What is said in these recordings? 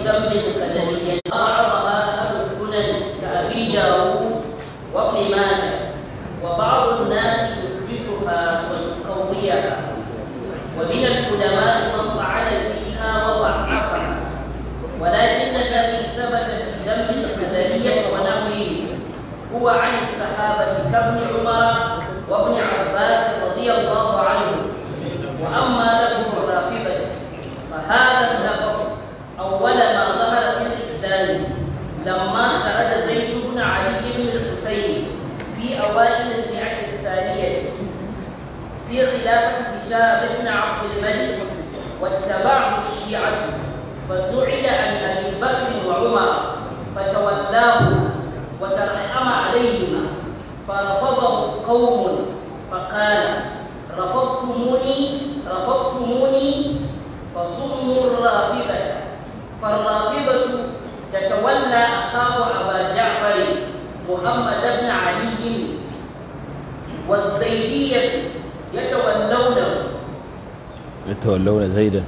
Então, شيعته فسئل عن أبي بكر وعمر فتولاه وترحم عليهما فرفضه قوم فقال رفضتموني رفضتموني فصموا الرافضة فالرافضة تتولى أخاه أبا جعفر محمد بن علي والزيدية يتولونه يتولون زيدا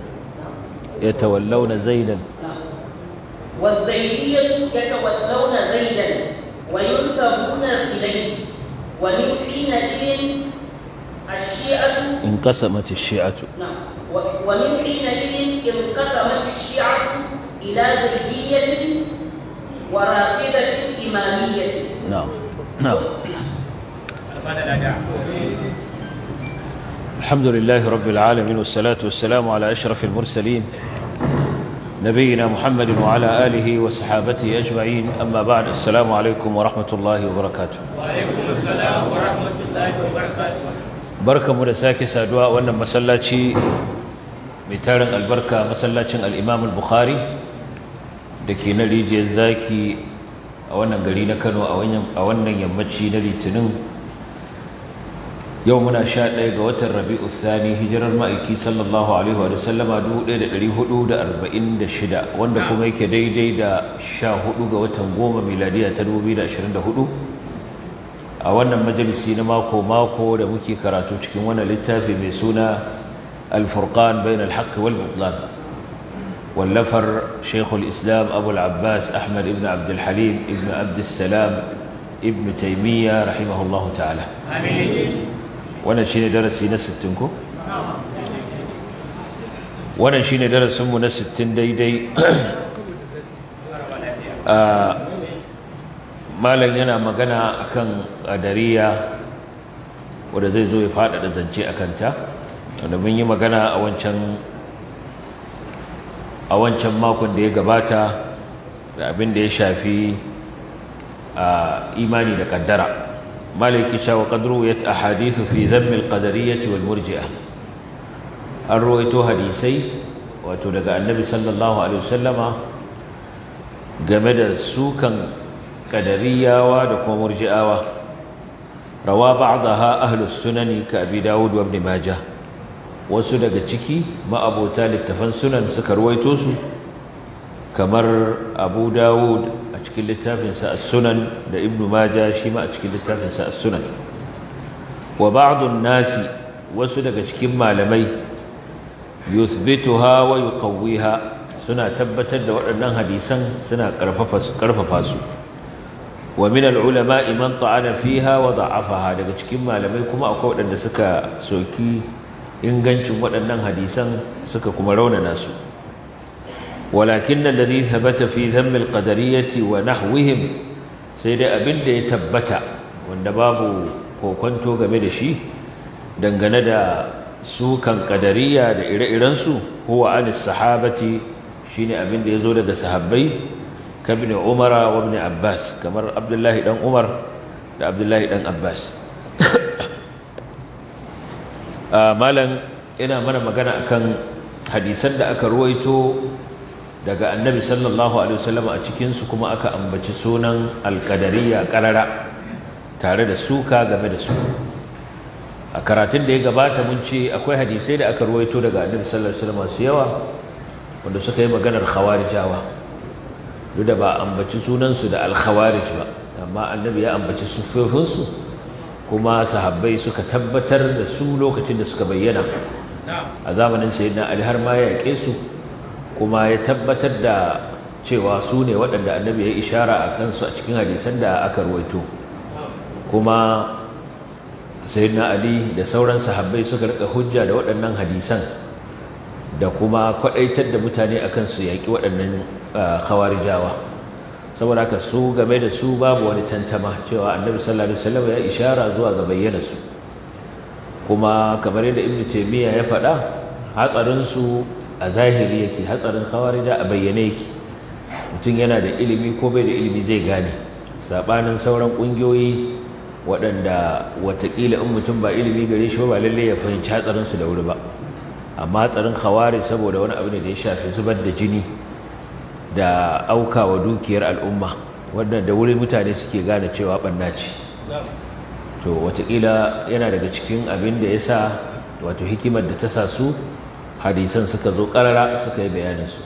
يتولون زيدا والزيدية يتولون زيدا وينسبون إليه ومن حينئذ الشيعة انقسمت الشيعة نعم ومن حينئذ انقسمت الشيعة إلى زيدية ورافضة إمامية نعم نعم الحمد لله رب العالمين والصلاة والسلام على أشرف المرسلين نبينا محمد وعلى آله وصحابته أجمعين أما بعد السلام عليكم ورحمة الله وبركاته وعليكم السلام ورحمة الله وبركاته بركة مرساك سادواء وأن مسلاتي ميتارن البركة مسلاتي الإمام البخاري دكي نليجي الزاكي a wannan gari na kano a wannan yammaci na litinin yau muna sha ɗaya ga watan rabi'u thani hijirar ma'aiki sallallahu alaihi wa sallama dubu ɗaya da ɗari hudu da arba'in da shida wanda kuma yake daidai da sha hudu ga watan goma miladiya ta dubu biyu da ashirin da hudu a wannan majalisi na mako mako da muke karatu cikin wannan littafi mai suna alfurqan bain alhaq wal butlan wallafar shaikhul islam abul abbas ahmad ibn abdul halim ibn abdus salam ibn taymiya rahimahullahu ta'ala amin wannan shine darasi na 60 ko wannan shine darasin mu na 60 daidai ah, malam yana magana akan adariya wanda zai zo ya faɗaɗa zance akan ta wanda mun yi magana a wancan a wancan makon da ya gabata da abin da ya shafi ah, imani da kaddara مالك شا وقد رويت أحاديث في ذم القدرية والمرجئة الرويت حديثي وتلقى النبي صلى الله عليه وسلم جمد سوكا قدرية ودكو مرجئة روى بعضها أهل السنن كأبي داود وابن ماجه وسلق تشكي ما أبو تالب تفن سنن سكر ويتوسو كمر أبو داود cikin littafinsa as-sunan da ibnu maja shi ma a cikin littafinsa as-sunan wa ba'dun nasi wasu daga cikin malamai yuthbituha wa yuqawwiha suna tabbatar da waɗannan hadisan suna ƙarfafa su wa min al-ulama man ta'ana fiha wa da'afaha daga cikin malamai kuma akwai waɗanda suka soki ingancin waɗannan hadisan suka kuma raunana su walakin alladhi thabata fi dhamm alqadariyyati wa nahwihim sai dai abin da ya tabbata wanda babu kokwanto game da shi dangane da su kan qadariyya da ire-iren su huwa anis sahabati shine abin da yazo daga sahabbai kabni wa ibn abbas kamar abdullahi dan umar da abdullahi dan abbas malam ina mana magana akan hadisan da aka ruwaito daga annabi sallallahu alaihi wasallam a cikinsu kuma aka ambaci sunan alkadariya karara tare da suka game da su a karatun da ya gabata mun ce akwai hadisai da aka ruwaito daga annabi sallallahu alaihi wasallam masu yawa wanda suka yi maganar khawarijawa duk da ba ambaci sunansu da alkhawarij ba amma annabi ya ambaci su kuma sahabbai suka tabbatar da su lokacin da suka bayyana a zamanin sayyidina ali har ma ya su kuma ya tabbatar da cewa su ne waɗanda annabi ya yi ishara a kansu a cikin hadisan da aka ruwaito kuma sayyidina ali da sauran sahabbai suka rika hujja da waɗannan hadisan da kuma kwaɗaitar da mutane a kansu yaƙi waɗannan jawa. saboda haka su game da su babu wani tantama cewa annabi sallallahu alaihi ya ishara zuwa ga bayyana su kuma kamar yadda ibnu taymiya ya faɗa hatsarin su a zahiri yake hatsarin da a bayyane yake mutum yana da ilimi ko bai da ilimi zai gane sabanin sauran ƙungiyoyi waɗanda watakila in mutum ba ilimi gare shi ba lalle ya fahimci hatsarin su da wuri ba amma hatsarin haware saboda wani abu ne da ya shafi zubar da jini da aukawa dukiyar al'umma wanda da wuri mutane suke gane cewa banna ce to watakila yana daga cikin abin da ya sa wato hikimar da ta sa su hadisan suka zo karara suka yi bayanin su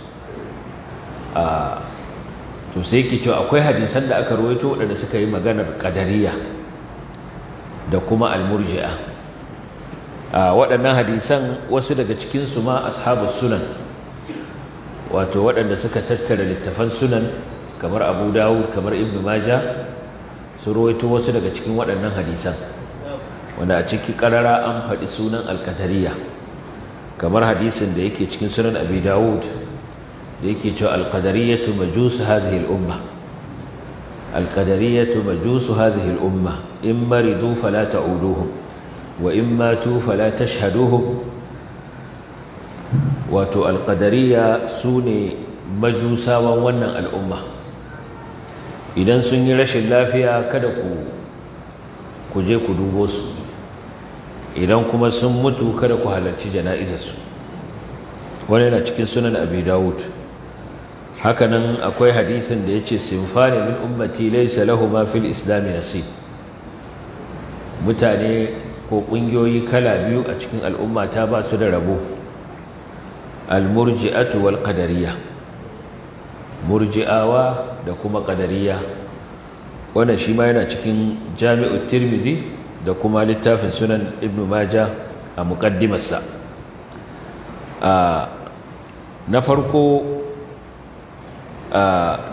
a to sai ki cewa akwai hadisan da aka rawaito waɗanda suka yi maganar qadariya da kuma almurji'a a waɗannan hadisan wasu daga cikin ma ashabus sunan wato waɗanda suka tattara littafan sunan kamar Abu Dawud kamar Ibn Majah su rawaito wasu daga cikin waɗannan hadisan wanda a ciki karara an faɗi sunan alkatariya kamar hadisin da yake cikin sunan abi dawud da yake cewa alqadariyatu majusu hadhihi al alqadariyatu majusu hadhihi al in maridu fala ta'uduhum wa in matu fala tashhaduhum wato alqadariya sune majusawan wannan al'umma idan sun yi rashin lafiya kada ku je ku dubo su idan kuma sun mutu kada ku halarci jana'izarsu wani yana cikin sunan abi dawud hakanan akwai hadisin da ya ce sinfani min ummati laysa Salahu ma fil islami nasib mutane ko kungiyoyi kala biyu a cikin al'umma ta ba su da rabo al-murji'atu wal murji'awa da kuma ƙadariya. wannan shi ma yana cikin jami'ut tirmidhi da kuma littafin sunan ibn maja a muƙaddimarsa na farko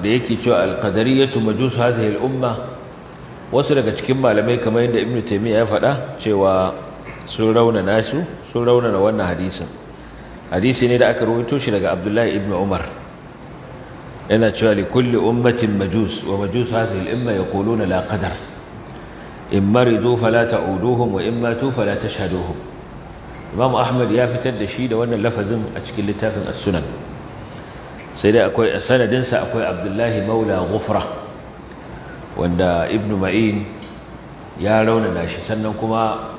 da yake cewa alƙadariyatu majusu hazihi al'umma wasu daga cikin malamai kamar yadda ibn taimiyya ya faɗa cewa sun raunana su sun raunana wannan hadisin hadisi ne da aka rubuto shi daga abdullahi ibn umar yana cewa li kulli ummatin majus wa majus hadhihi al-umma yaquluna la qadar in maridu falata ta'uduhum wa in matu fala tashhaduhum Imam Ahmad ya fitar da shi da wannan lafazin a cikin littafin As-Sunan sai dai akwai sanadin sa akwai Abdullahi Maula Gufra, wanda Ibn Ma'in ya raunana shi sannan kuma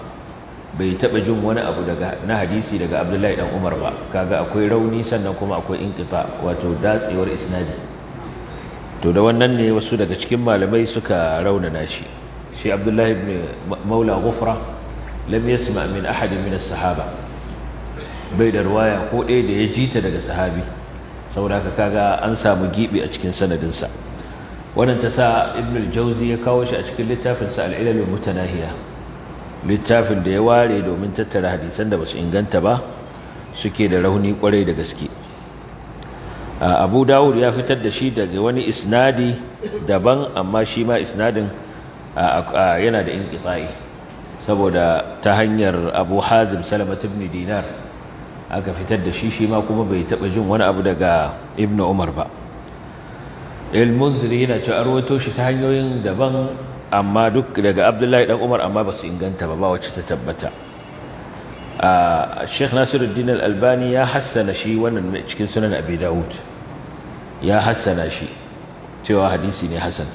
bai taɓa jin wani abu daga na hadisi daga Abdullahi dan Umar ba kaga akwai rauni sannan kuma akwai inqita wato datsewar isnadi to da wannan ne wasu daga cikin malamai suka raunana shi shi abdullahi ibn maula ghufra lam yasma min ahadin min sahaba bai da ruwaya ko ɗaya da ya ji ta daga sahabi Saura haka kaga an samu gibi a cikin sanadinsa wannan ta sa ibn al-jawzi ya kawo shi a cikin littafinsa sa al-ilal mutanahiya littafin da ya ware domin tattara hadisan da basu inganta ba suke da rauni kwarai da gaske abu dawud ya fitar da shi daga wani isnadi daban amma shi ma isnadin yana da inqita'i saboda ta hanyar Abu Hazim Salama ibn Dinar aka fitar da shi shi ma kuma bai taba jin wani abu daga Ibn Umar ba al-Munziri yana cewa arwato shi ta hanyoyin daban amma duk daga Abdullahi dan Umar amma ba su inganta ba ba wacce ta tabbata Sheikh Nasiruddin Al-Albani ya hassana shi wannan cikin sunan Abi Dawud ya hassana shi cewa hadisi ne hasan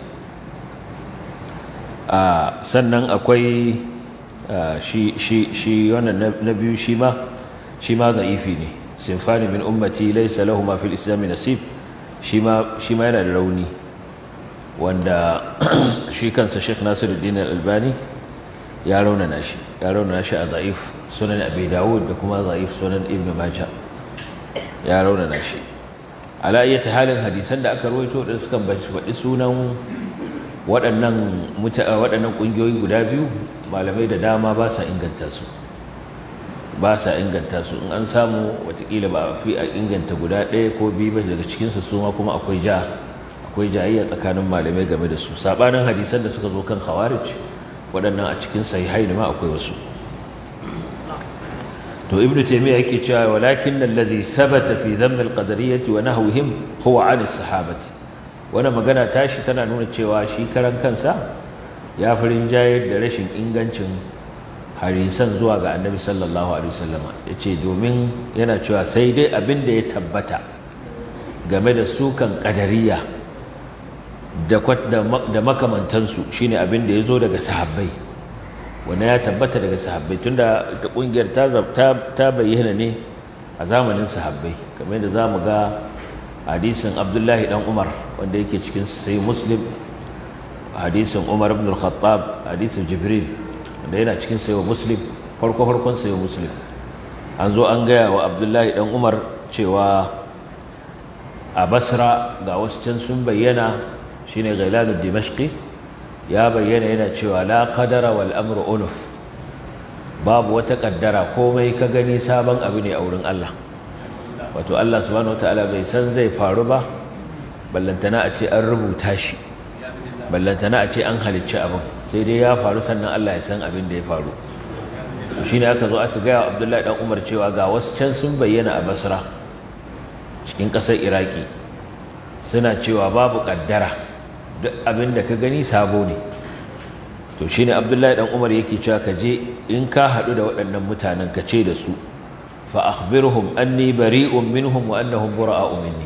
Ah, sannan akwai ah, shi wannan na biyu shi ma za'ifi ne sinfani min ummati laysa lahum fil islam nasib shi ma yana da rauni wanda shi kansa Sheikh Nasiruddin Al-Albani ya raunana shi ya raunana shi a za'if sunan Abi Dawud da kuma za'if sunan Ibn Majah ya raunana shi ala ayyati halin hadisan da aka rawaito da suka bace faɗi sunan waɗannan waɗannan ƙungiyoyi guda biyu malamai da dama ba sa inganta su ba sa inganta su in an samu watakila ba a fi a inganta guda ɗaya ko biyu ba daga cikinsu su ma kuma akwai ja akwai jayayya tsakanin malamai game da su saɓanin hadisan da suka zo kan khawarij waɗannan a cikin sahihai ne ma akwai wasu to ibnu taymiya yake cewa walakin allazi thabata fi dhamm al-qadariyyah wa nahwihim huwa 'an as-sahabati wannan magana tashi tana nuna cewa shi karan kansa ya fi rinjayar da rashin ingancin harisan zuwa ga annabi sallallahu alaihi wasallam ya ce domin yana cewa sai dai abin da ya tabbata game da sukan kadariya da da makamantansu shine abin da ya zo daga sahabbai wanda ya tabbata daga sahabbai tunda ta kungiyar ta bayyana ne a zamanin sahabbai kamar yadda za mu ga hadisin abdullahi dan umar wanda yake cikin sai muslim hadisin umar ibn al-khattab hadisin jibril wanda yana cikin sai muslim farko farkon sai muslim an zo an gaya wa abdullahi dan umar cewa a basra ga wasu can sun bayyana shine ghailanu dimashqi ya bayyana yana cewa la qadara wal amru unuf babu wata kaddara komai ka gani sabon abu ne a wurin Allah wato Allah subhanahu wataala bai san zai faru ba ballantana a ce an rubuta shi ballantana a ce an halicci abin sai dai ya faru sannan Allah ya san abin da ya faru shine aka zo aka gaya Abdullahi dan Umar cewa ga wasu can sun bayyana a Basra cikin ƙasar Iraki suna cewa babu ƙaddara. duk abin da ka gani sabo ne to shine Abdullahi dan Umar yake cewa ka je in ka haɗu da waɗannan mutanen ka ce da su fa akhbirhum anni bari'un minhum wa annahum bura'u minni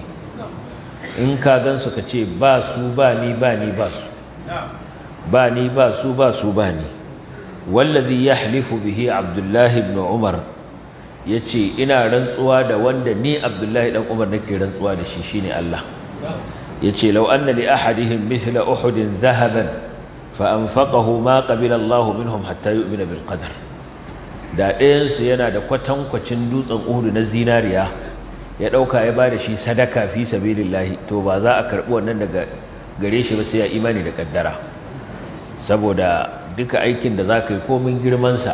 in ka gansu ka ce ba su ba ba ni ba su ba ni ba su ba su ba ni wallazi yahlifu bihi abdullahi ibn umar yace ina rantsuwa da wanda ni abdullahi dan umar nake rantsuwa da shi shine Allah yace law anna li ahadihim mithla uhudin zahaban fa anfaqahu ma qabila Allah minhum hatta yu'mina bil qadar da ɗayansu yana da kwatankwacin dutsen uhudu na zinariya ya ɗauka ya ba da shi sadaka fi sabilillahi to ba za a karɓi wannan daga gare shi ba sai ya imani da ƙaddara saboda duka aikin da za ka yi komin girmansa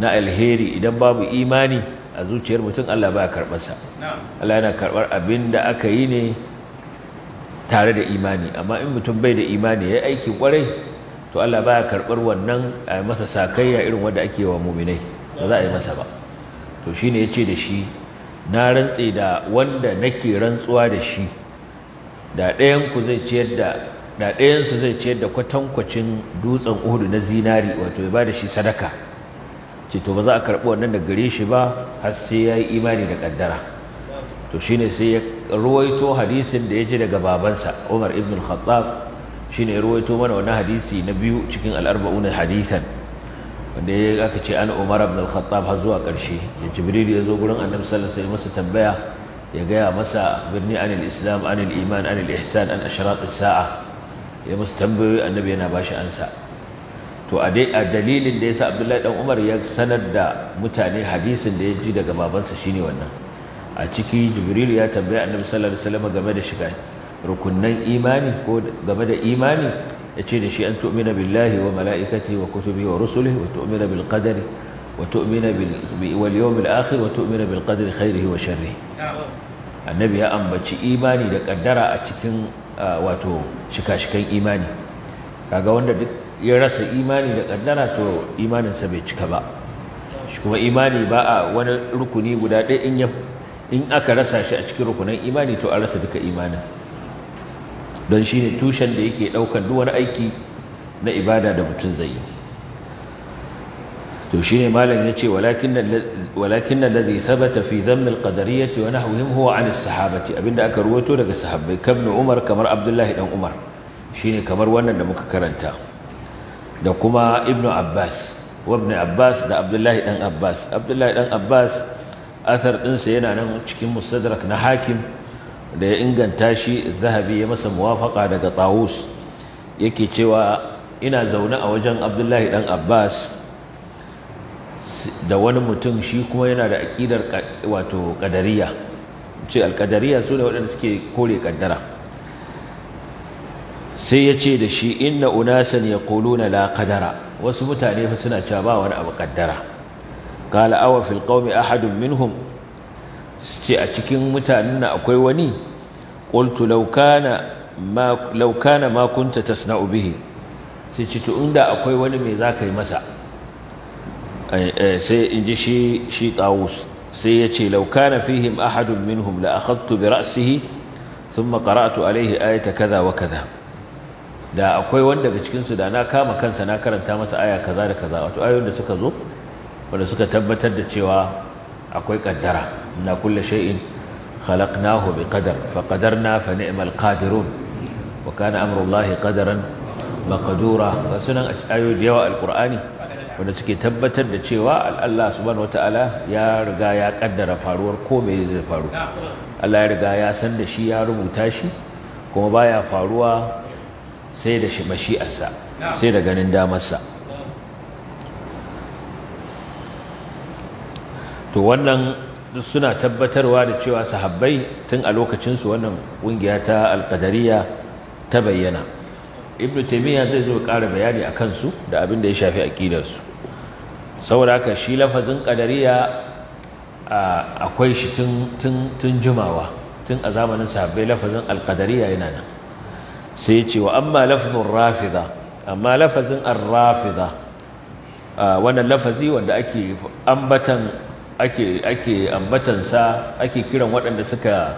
na alheri idan babu imani a zuciyar mutum Allah ba karɓarsa Allah yana karɓar abin da aka yi ne tare da imani amma in mutum bai da imani ya yi aiki ƙwarai to Allah baya karɓar wannan a masa sakayya irin wanda ake wa muminai ba za a yi masa ba to shine yace da shi na rantse da wanda nake rantsuwa da shi da ɗayan zai ciyar da da ɗayan su zai ciyar da kwatankwacin dutsen Uhud na zinari wato ya ba da shi sadaka ce to ba za a karɓi wannan da gare shi ba har sai ya yi imani da ƙaddara. to shine sai ya ruwaito hadisin da ya ji daga babansa Umar ibn khattab shine ya ruwaito mana wani hadisi na biyu cikin al'arba'un hadisan wanda ya aka ce ana umar ibn al-khattab har zuwa ƙarshe da jibril ya zo gurin annabi sallallahu alaihi wasallam tambaya ya gaya masa birni anil islam anil iman anil ihsan an ashraq as-sa'a ya masu tambayoyi annabi yana shi ansa to a dai a dalilin da ya sa abdullahi dan umar ya sanar da mutane hadisin da ya ji daga babansa shine wannan a ciki jibril ya tambaya annabi sallallahu alaihi wasallam game da shiga rukunnan imani ko game da imani ya ce da shi an tu'mina billahi wa mala'ikati wa kutubi wa rusuli wa tu'mina bil qadari wa tu'mina bil wal yawmil akhir wa tu'mina bil qadri khairihi wa sharrihi annabi ya ambaci imani da kaddara a cikin wato shika-shikan imani kaga wanda duk ya rasa imani da kaddara to imaninsa bai cika ba shi kuma imani ba a wani rukuni guda ɗaya in aka rasa shi a cikin rukunan imani to a rasa duka imanin don shi ne tushen da yake ɗaukar duk wani aiki na ibada da mutum zai yi to shi ne malam ya ce walakin alladhi thabata fi dhamm alqadariyyati wa nahwihim huwa an sahabati abinda aka ruwato daga sahabbai kamar Umar kamar Abdullahi dan Umar shine kamar wannan da muka karanta da kuma Ibn Abbas wa Abbas da Abdullahi dan Abbas Abdullahi dan Abbas athar ɗinsa yana nan cikin mustadrak na Hakim da ya inganta shi zahabi ya masa muwafaka daga tawus yake cewa ina zaune a wajen abdullahi dan abbas da wani mutum shi kuma yana da aƙidar wato ƙadariya ce alƙadariya su ne waɗanda suke kore ƙaddara sai ya ce da shi inna unasan ya kuluna la ƙadara wasu mutane fa suna cewa ba wani abu ƙaddara Kala awa fil qaumi ahadun minhum su ce a cikin mutanen nan akwai wani qultu law kana ma law kana ma kunta tasna'u bihi sai ce to inda akwai wani me zaka yi masa eh, eh, sai in ji shi shi tawus sai ya ce law kana fihim ahadun minhum la akhadtu bi ra'sihi thumma qara'tu alayhi ayata kaza wa kaza da akwai wani daga cikinsu da na kama kansa na karanta masa aya kaza da kaza wato ayoyin da suka zo wanda suka tabbatar da cewa akwai kaddara إن كل شيء خلقناه بقدر فقدرنا فنعم القادرون وكان أمر الله قدرا مقدورا وسنن أيو جواء القرآن wanda suke tabbatar da cewa Allah subhanahu wataala ya riga ya kaddara faruwar komai zai faru Allah ya riga ya san da shi ya rubuta shi kuma baya faruwa sai da sai da ganin damarsa to wannan duk suna tabbatarwa da cewa sahabbai tun a lokacinsu wannan ƙungiya ta alƙadariya ta bayyana ibnu taimiyya zai zo ƙara bayani a kansu da abin da ya shafi aƙidarsu saboda haka shi lafazin ƙadariya akwai shi tun jimawa tun a zamanin sahabbai lafazin alƙadariya yana nan sai ya ce wa amma lafazin rafida amma lafazin arrafida wannan lafazi wanda ake ambatan ake ake ambatansa ake kiran waɗanda suka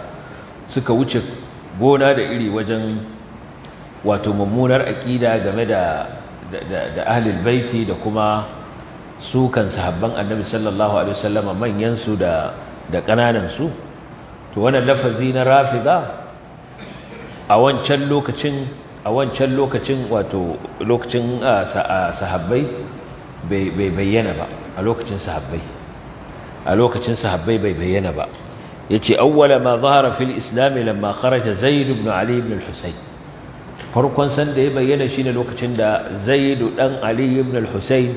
suka wuce gona da iri wajen wato mummunar aƙida game da da ahlul baiti da kuma su kan sahabban annabi sallallahu alaihi wasallama manyan su da da ƙananan su to wannan lafazi na rafida a wancan lokacin a wancan lokacin wato lokacin ah, ah, sahabbai bai bayyana ba a lokacin sahabbai a lokacin sahabbai bai bayyana ba yace awwala ma zahara fil islam lamma kharaja zaid ibn ali ibn al-husayn farkon san da ya bayyana shine lokacin da zaid dan ali ibn al-husayn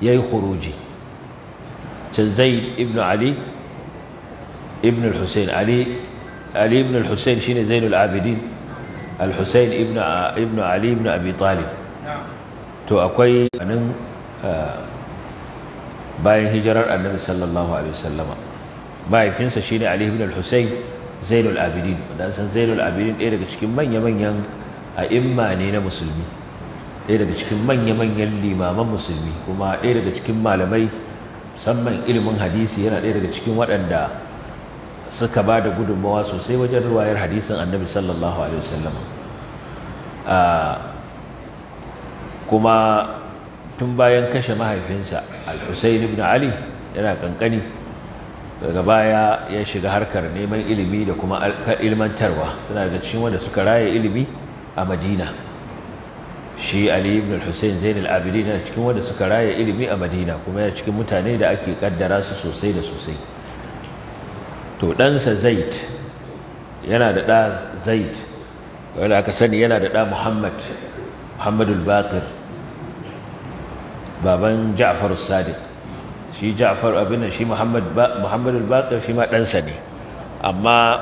yayi khuruji can zaid ibn ali ibn al-husayn ali ali ibn al-husayn shine zainul abidin al-husayn ibn ibn ali ibn abi talib to akwai anan ah, bayan hijirar annabi sallallahu alaihi wasallama mahaifinsa shine ali ibn al-husayn zainul abidin dan san zainul abidin ɗaya daga cikin manya manyan a'imma ne na musulmi ɗaya daga cikin manya manyan limaman musulmi kuma ɗaya daga cikin malamai musamman ilimin hadisi yana ɗaya daga cikin waɗanda suka ba da gudunmawa sosai wajen ruwayar hadisin annabi sallallahu alaihi wasallama ah, kuma tun bayan kashe mahaifinsa al-husayn ibn ali yana kankani daga baya ya shiga harkar neman ilimi da kuma ilmantarwa suna da cikin wanda suka raye ilimi a madina shi ali ibn al-husayn zain al-abidin yana cikin wanda suka raye ilimi a madina kuma yana cikin mutane da ake kaddara su sosai da sosai to ɗansa zaid yana da ɗa zaid wanda aka sani yana da ɗa muhammad muhammadul baqir baban Ja'far Sadiq shi Ja'far abin shi Muhammad Muhammad al-Baqir shi ma ɗansa ne amma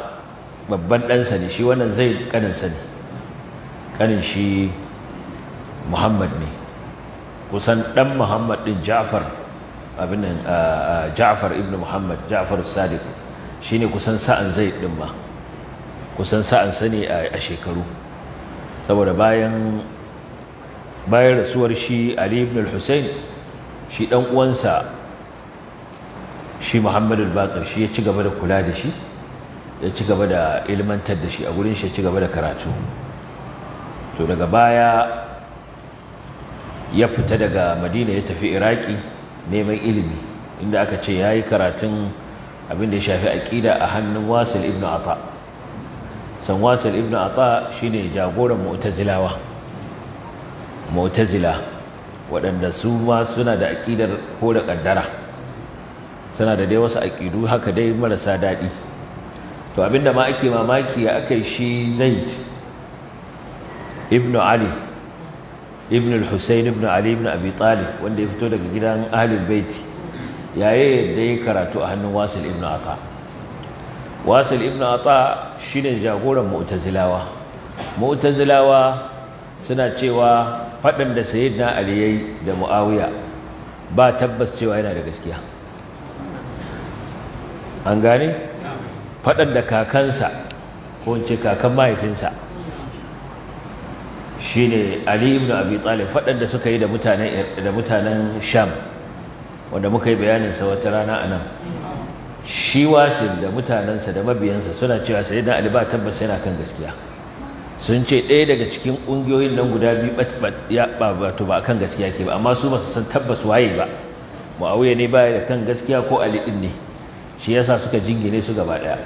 babban ɗansa ne shi wannan zai kaninsa ne kanin shi Muhammad ne kusan ɗan Muhammad ɗin Ja'far abin nan Ja'far ibn Muhammad Ja'far Sadiq shine kusan sa'an zai ɗin ma kusan sa'an sa ne a shekaru saboda bayan bayan rasuwar shi ali ibn al-husayn shi dan uwansa shi muhammad al-baqir shi ya ci gaba da kula da shi ya ci gaba da ilmantar da shi a gurin shi ya ci gaba da karatu to daga baya ya fita daga madina ya tafi iraki neman ilimi inda aka ce ya yi karatun abin da ya shafi aƙida a hannun wasil ibn ata san wasil ibn ata shine jagoran mu'tazilawa mu'tazila waɗanda su ma suna da aƙidar da ƙaddara suna da dai wasu aƙidu haka dai marasa daɗi to abinda ma ake mamaki ya aka shi zaid ibnu ali ibnu al ibnu ali ibnu abi talib wanda ya fito daga gidan ahlul baiti yaye da ya karatu a hannun wasil ibnu ata wasil ibnu ata shine jagoran mu'tazilawa mu'tazilawa suna cewa faɗin da sayyidina ali yayi da muawiya ba tabbas cewa yana da gaskiya an gane faɗin da kakansa ko ce kakan mahaifinsa shine ali ibn abi talib faɗin da suka yi da mutanen sham wanda muka yi bayanin sa wata rana anan shi wasin da mutanensa da mabiyansa suna cewa sayyidina ali ba tabbas yana kan gaskiya sun ce ɗaya daga cikin ƙungiyoyin nan guda biyu ya ɓabatu ba kan gaskiya ke ba amma su ba su san tabbas waye ba muawiya ne baya da kan gaskiya ko ali ɗin ne shi yasa suka jingine su gaba ɗaya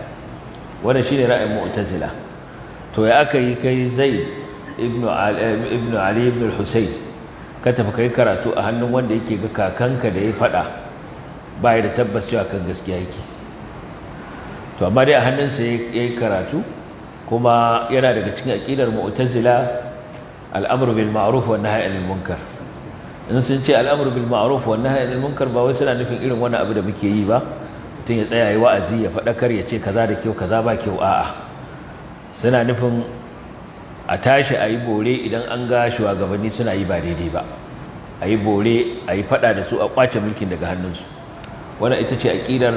wannan shine ra'ayin mu'tazila to ya aka yi kai zaid ibn eh, ali ibn husayn ka tafi kai karatu a hannun wanda yake ga kakanka da ya faɗa ba da tabbas cewa kan gaskiya yake to amma dai a hannunsa ya yi karatu kuma yana daga cikin aqidar mu'tazila al'amru bil ma'ruf wa nahyi anil munkar in sun ce al'amru bil ma'ruf wa nahyi anil munkar ba wai suna nufin irin wani abu da muke yi ba mutum ya tsaya yi wa'azi ya faɗakar ya ce kaza da kyau kaza ba kyau a'a suna nufin a tashi a yi bore idan an ga shugabanni suna yi ba daidai ba a yi bore a yi faɗa da su a kwace mulkin daga hannunsu wannan ita ce aƙidar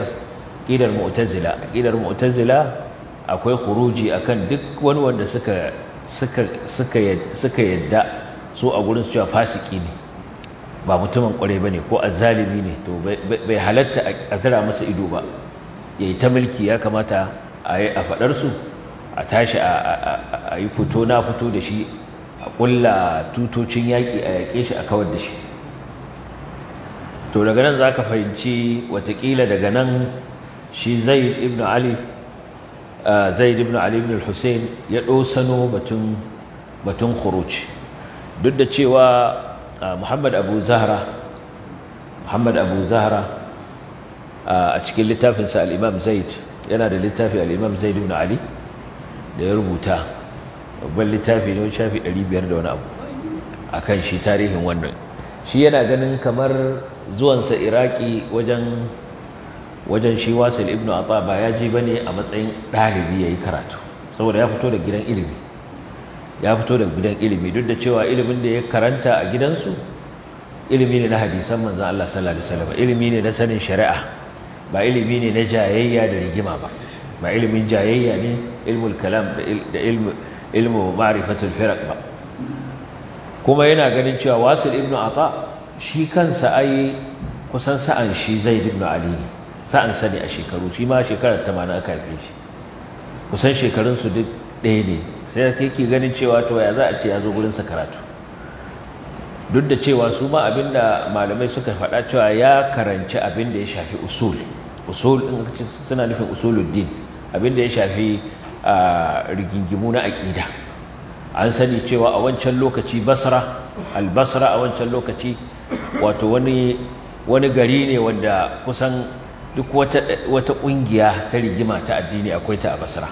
ƙidar mu'tazila aqidar mu'tazila akwai khuruji akan duk wani wanda suka suka suka suka yadda su a gurin su cewa fasiki ne ba mutumin kwarai bane ko azzalimi ne to bai halatta a zira masa ido ba yayi ta mulki ya kamata a yi a fadar su a tashi a yi fito na fito da shi a kulla tutocin yaki a yake shi a kawar da shi to daga nan zaka fahimci watakila daga nan shi Zaid ibn Ali zaid ibn ali ibn al ya dosano batun batun khuruj duk da cewa muhammad abu zahra muhammad abu zahra a cikin littafinsa al-imam zaid yana da littafi al-imam zaid ibn ali da ya rubuta babban littafi ne shafi 500 da wani abu akan shi tarihin wannan shi yana ganin kamar zuwansa iraki wajen wajen shi wasil ibn ata ba ya je bane a matsayin ɗalibi yi karatu saboda ya fito da gidan ilimi ya fito da gidan ilimi duk da cewa ilimin da ya karanta a gidansu ilimi ne na hadisan manzan Allah sallallahu alaihi wasallam ilimi ne na sanin shari'a ba ilimi ne na jayayya da rigima ba ba ilimin jayayya ne ilmul kalam da ilmu ilmu ma'rifatul firaq ba kuma yana ganin cewa wasil ibn ata shi kansa ai kusan sa'an shi zaid ibn ali ne sa'an sani a shekaru shi ma shekarar tamanin aka haife shi kusan shekarunsu duk ɗaya ne sai ka yake ganin cewa to ya za a ce ya zo sa karatu duk da cewa su ma abinda malamai suka faɗa cewa ya karanci abin da ya shafi usul usul suna nufin usuluddin abin da ya shafi rigingimu na aƙida an sani cewa a wancan lokaci basra albasra a wancan lokaci wato wani gari ne wanda kusan duk wata ƙungiya ta rigima ta addini akwai ta a Basra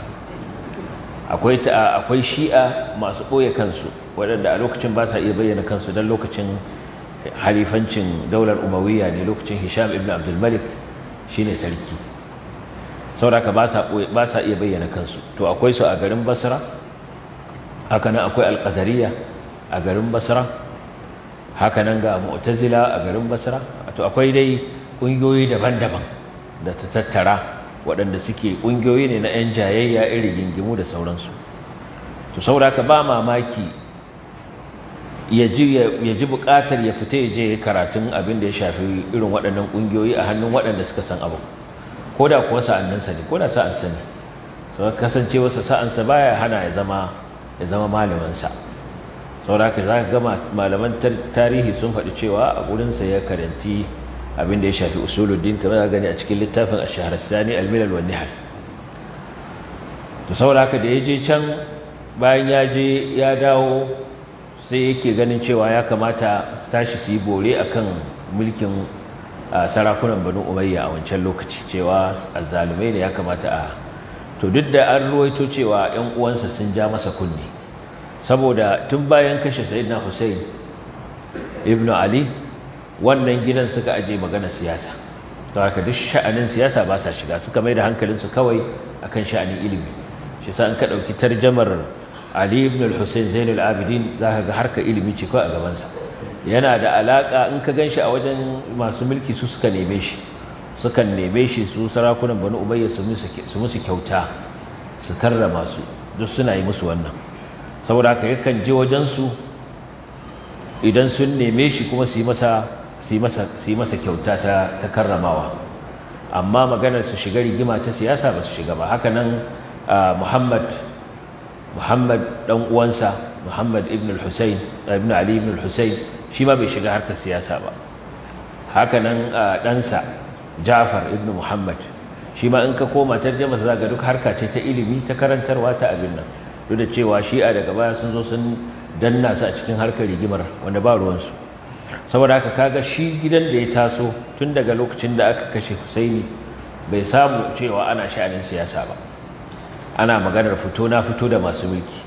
akwai ta akwai Shi'a masu boye kansu waɗanda a lokacin ba sa iya bayyana kansu dan lokacin halifancin daular Umayya ne lokacin Hisham ibn Abdul Malik shine sarki sauraka ba sa ba sa iya bayyana kansu to akwai su a garin Basra haka nan akwai alqadariya a garin Basra haka nan ga mu'tazila a garin basra to akwai dai ƙungiyoyi daban-daban da ta tattara waɗanda suke ƙungiyoyi ne na 'yan jayayya irin gingimu da sauransu to ka ba mamaki ya ji buƙatar ya fita ya je ya karatun abin da ya shafi irin waɗannan ƙungiyoyi a hannun waɗanda suka san abu ko da kuwa sa'annansa ne ko da sa'an ne sau kasancewarsa sa'ansa baya hana ya zama ya zama malamansa ka za ka ga malaman tarihi sun faɗi cewa a gurinsa ya karanti abin da ya shafi usuluddin kamar gani a cikin littafin ash-shahrastani al-milal wa nihal to saboda haka da ya je can bayan ya ya dawo sai yake ganin cewa ya kamata su tashi su yi bore akan mulkin sarakunan banu umayya a wancan lokaci cewa azzalumai ne ya kamata a to duk da an ruwaito cewa yan uwansa sun ja masa kunne saboda tun bayan kashe sayyidina Hussein ibnu Ali wannan gidan suka aje maganar siyasa to haka duk sha'anin siyasa ba sa shiga suka mai da hankalinsu kawai akan sha'anin ilimi shi sa an ka ɗauki tarjamar ali ibn al-husayn zain al-abidin za ka ga harka ilimi ce kawai a gabansa yana da alaƙa in ka gan shi a wajen masu mulki su suka neme shi sukan neme shi su sarakunan bani ubayya su musu kyauta su karrama su duk suna yi musu wannan saboda haka yakan je wajen su idan sun neme shi kuma su yi masa su yi masa kyauta ta karramawa amma maganar su shiga rigima ta siyasa ba su shiga ba haka nan muhammad dan uwansa muhammad ibn ali ibn al-husayn shi ma bai shiga harkar siyasa ba haka nan ɗansa jafar ibn muhammad shi ma in ka koma tarjama za ga duk harka ce ta ilimi ta karantarwa ta abin nan duk da cewa shi'a daga baya sun zo sun danna su a cikin harkar rigimar wanda ba ruwansu saboda haka kaga shi gidan da ya taso tun daga lokacin da aka kashe Husaini bai samu cewa ana sha'anin siyasa ba ana maganar fito na fito da masu mulki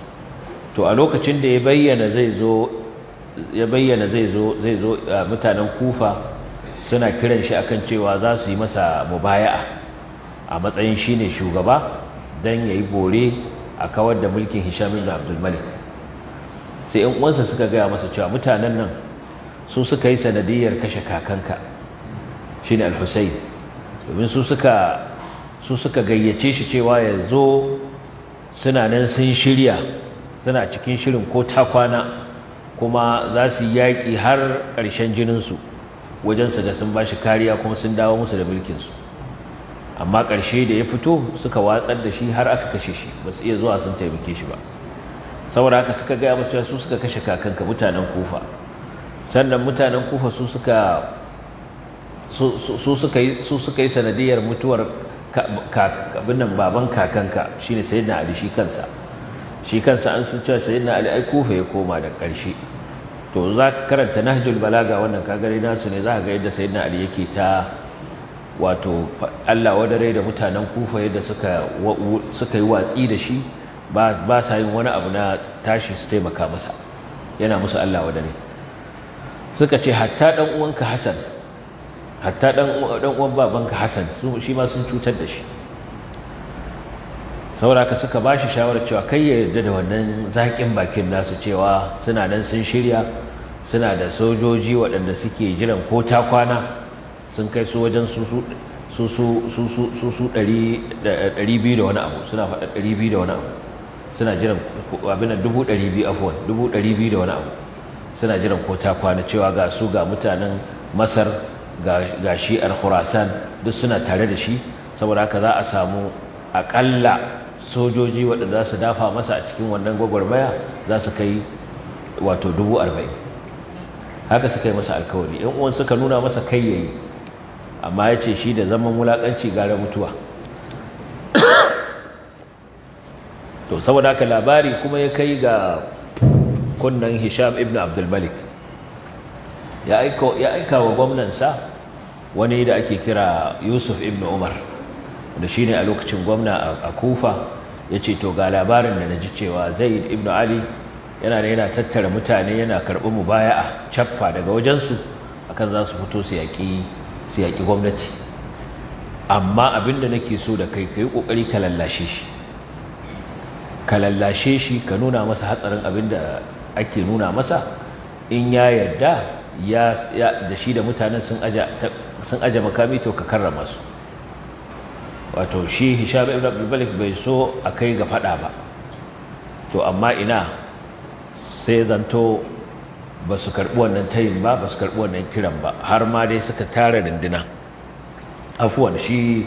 to a lokacin da ya bayyana zai zo mutanen Kufa suna kiran shi akan cewa za su yi masa mubaya'a a matsayin shine shugaba dan yayi bore a kawar da mulkin Hisham ibn Abdulmalik. Malik sai 'yan uwansa suka gaya masa cewa mutanen nan su suka yi sanadiyar kashe kakanka shine al-husayn domin su suka gayyace shi cewa ya zo suna nan sun shirya suna cikin shirin ko ta kwana kuma za su yaƙi har ƙarshen jininsu wajen su ga sun ba shi kariya kuma sun dawo musu da mulkinsu amma ƙarshe da ya fito suka watsar da shi har aka kashe shi ba su iya zuwa sun taimake shi ba saboda haka suka gaya masu su suka kashe kakanka mutanen kufa sannan mutanen kufa su suka su suka yi su sanadiyar mutuwar abin baban kakanka shine sayyidina ali shi kansa shi kansa an sun cewa sayyidina ali ai kufa ya koma da ƙarshe to za ka karanta nahjul balaga wannan kagare nasu ne za ka ga yadda sayyidina ali yake ta wato Allah wadare da mutanen kufa yadda suka suka yi watsi da shi ba sa yin wani abu na tashi su taimaka masa yana musu Allah wadare suka ce hatta dan uwanka Hassan hatta dan dan uwan babanka Hassan su shi ma sun cutar da shi ka suka bashi shawarar cewa kai ya yarda da wannan zakin bakin nasu cewa suna nan sun shirya suna da sojoji waɗanda suke jiran ko ta kwana sun kai su wajen su su su su ɗari biyu da wani abu suna faɗa ɗari biyu da wani abu suna jiran abin dubu ɗari biyu afuwan dubu ɗari biyu da wani abu suna jiran ko ta kwana cewa ga su ga mutanen masar ga shi al-khurasan duk suna tare da shi saboda haka za a samu aƙalla sojoji waɗanda za su dafa masa a cikin wannan gwagwarmaya za su kai wato dubu arba'in haka suka yi masa alkawari yan uwan suka nuna masa kai yayi amma ya ce shi da zaman wulaƙanci, gara mutuwa to saboda haka labari kuma ya kai ga kunnan hisham ibn abdulmalik ya aika wa gwamnansa wani da ake kira yusuf ibn umar da shi ne a lokacin gwamna a kufa ya ce to ga labarin da na ji cewa zaid ibn ali yana da yana tattara mutane yana karɓi mu baya a cappa daga su akan za su fito su yaƙi gwamnati amma abin da nake so da kai kai ƙoƙari ka lallashe shi ka lallashe shi ka nuna masa hatsarin abin da ake nuna masa in ya yarda ya da shi da mutanen sun aja makami to ka karrama su wato shi Hisham ibn Abdul bai so a kai ga fada ba to amma ina sai zanto ba su karɓi wannan tayin ba ba su karɓi wannan kiran ba har ma dai suka tara dindina. afuwan shi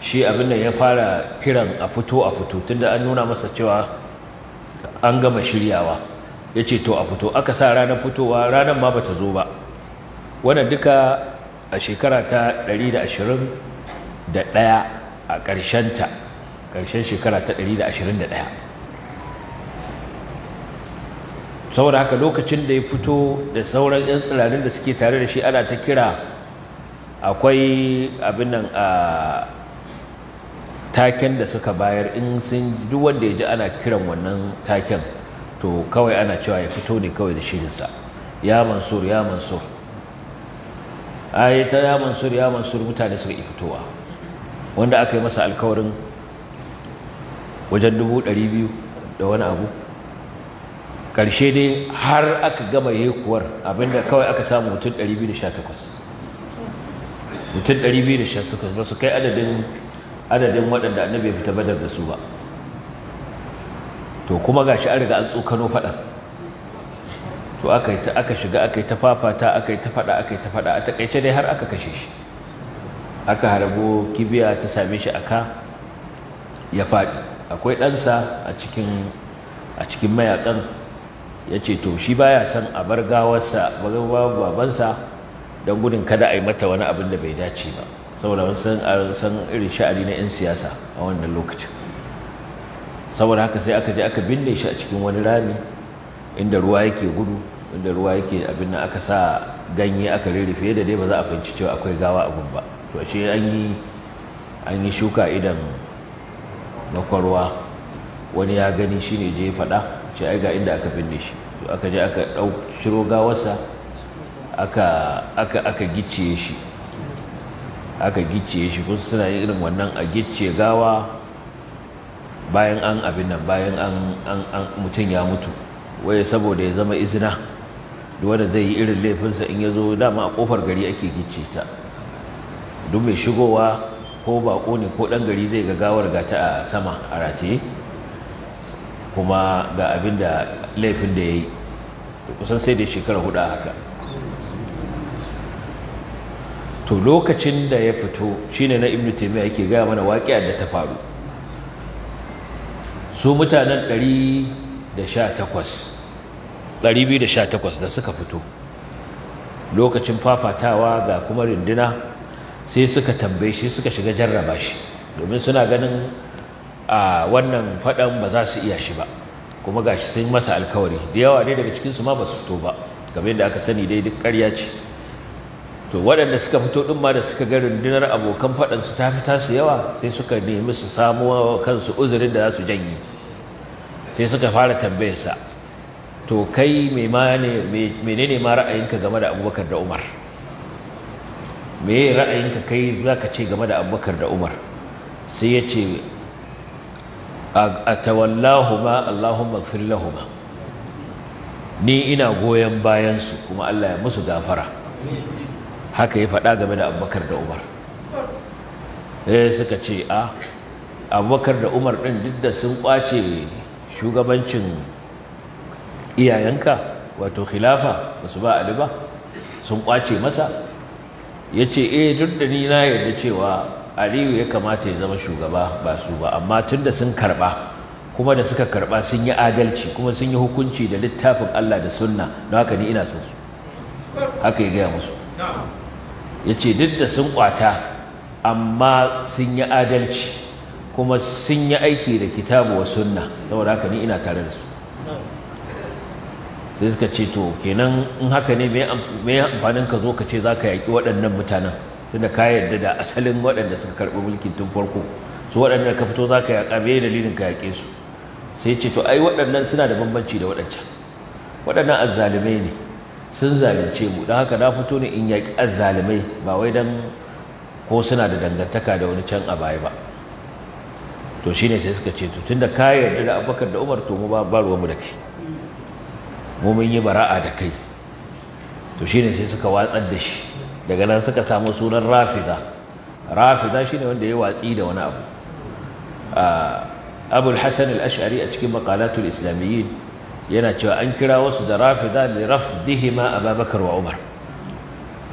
shi abin da ya fara kiran a fito a fito tunda an nuna masa cewa an gama shiryawa ya ce to a fito aka sa ranar fitowa ranar ma bata zo ba wannan duka a shekara ta 121 a ta, ƙarshen shekara ta 121 saboda haka lokacin da ya fito da sauran 'yan tsiranin da suke tare da shi ana ta kira akwai abin nan a taken da suka bayar in sun duk wanda ya ji ana kiran wannan taken to kawai ana cewa ya fito ne kawai da shirinsa ya mansur ya mansur ayyata ta ya mansur ya mansur mutane suka yi fitowa wanda aka yi masa alkawarin wajen dubu ɗari biyu da wani abu ƙarshe dai har aka gama yekuwar abinda kawai aka samu mutum 218 mutum 218 ba su kai adadin waɗanda annabi ya fita badar da su ba to kuma shi an riga an tsokano faɗan to aka shiga aka yi ta fafata aka yi ta faɗa aka yi ta faɗa a takaice dai har aka kashe shi aka harbo kibiya ta same shi aka ya faɗi akwai ɗansa a cikin a mayakan ya ce to shi baya son a bar gawarsa babansa don gudun kada a yi mata wani abin da bai dace ba saboda wani san irin sha'ari na 'yan siyasa a wannan lokacin saboda haka sai aka je aka binne shi a cikin wani rami inda ruwa yake gudu inda ruwa yake abin nan aka sa ganye aka rurrufe da dai ba za a fahimci cewa akwai gawa abin ba to ashe an yi an yi shuka idan makwarwa wani ya gani shine je faɗa ce ai ga inda aka binne shi to aka je aka ɗau shiro gawarsa aka aka aka gicciye shi aka gicciye shi kun suna yin irin wannan a gicce gawa bayan an abin nan bayan an mutum ya mutu waye saboda ya zama izina wanda zai yi irin laifinsa in ya zo dama a kofar gari ake gice ta duk mai shigowa ko bako ne ko ɗan gari zai ga gawar gata a sama a rataye kuma ga abin da laifin da ya yi kusan sai da shekara hudu haka to lokacin da ya fito shi ne na ibnu taymiya yake gaya mana waƙiya da ta faru su mutanen 218 da suka fito lokacin fafatawa ga kuma rinduna sai suka tambaye shi suka shiga jarraba shi domin suna ganin a wannan faɗan ba za su iya shi ba kuma ga shi sun masa alkawari da yawa ne daga cikinsu ma ba su fito ba game da aka sani dai duk ƙarya ce to waɗanda suka fito ɗin ma da suka ga rundunar abokan faɗansu ta fi tasu yawa sai suka nemi su samuwa kansu uzurin da za su janye sai suka fara tambayarsa to kai menene ma ra'ayinka game da abubakar da umar Me ra'ayinka kai za ka ce game da abubakar da umar sai ya ce a ma allahumma gfir lahuma ni ina goyon bayansu kuma allah ya musu gafara haka ya faɗa game da abubakar da umar sai suka ce a abubakar da umar ɗin duk da sun ƙwace shugabancin iyayenka wato khilafa ba su ba ali ba sun kwace masa ya ce eh duk da ni na yarda cewa aliyu ya kamata ya zama shugaba ba su ba amma tun da sun karba kuma da suka karba sun yi adalci kuma sun yi hukunci da littafin Allah da sunna don haka ni ina son su haka ya gaya musu ya ce duk da sun kwata amma sun yi adalci kuma sun yi aiki da kitabu wa sunna saboda haka ni ina tare da su sai suka ce to kenan in haka ne me amfanin ka zo ka ce za ka yaƙi waɗannan mutanen tunda ka yarda da asalin waɗanda suka karɓi mulkin tun farko su waɗanda ka fito za ka yaƙa me dalilin ka yaƙe su sai ce to ai waɗannan suna da bambanci da waɗancan waɗannan azzalumai ne sun zalunce mu don haka na fito ne in yaƙi azzalumai ba wai don ko suna da dangantaka da wani can a baya ba to shine sai suka ce to tunda ka yarda da Abubakar da Umar to mu ba ruwan mu da kai mu mun yi bara'a da kai to shine sai suka watsar da shi daga nan suka samu sunan Rafida Rafida shine wanda ya watsi da wani abu Abu al-Hasan al-Ash'ari a cikin makalatul islamiyyin yana cewa an kira wasu da Rafida li rafdihima Abubakar wa Umar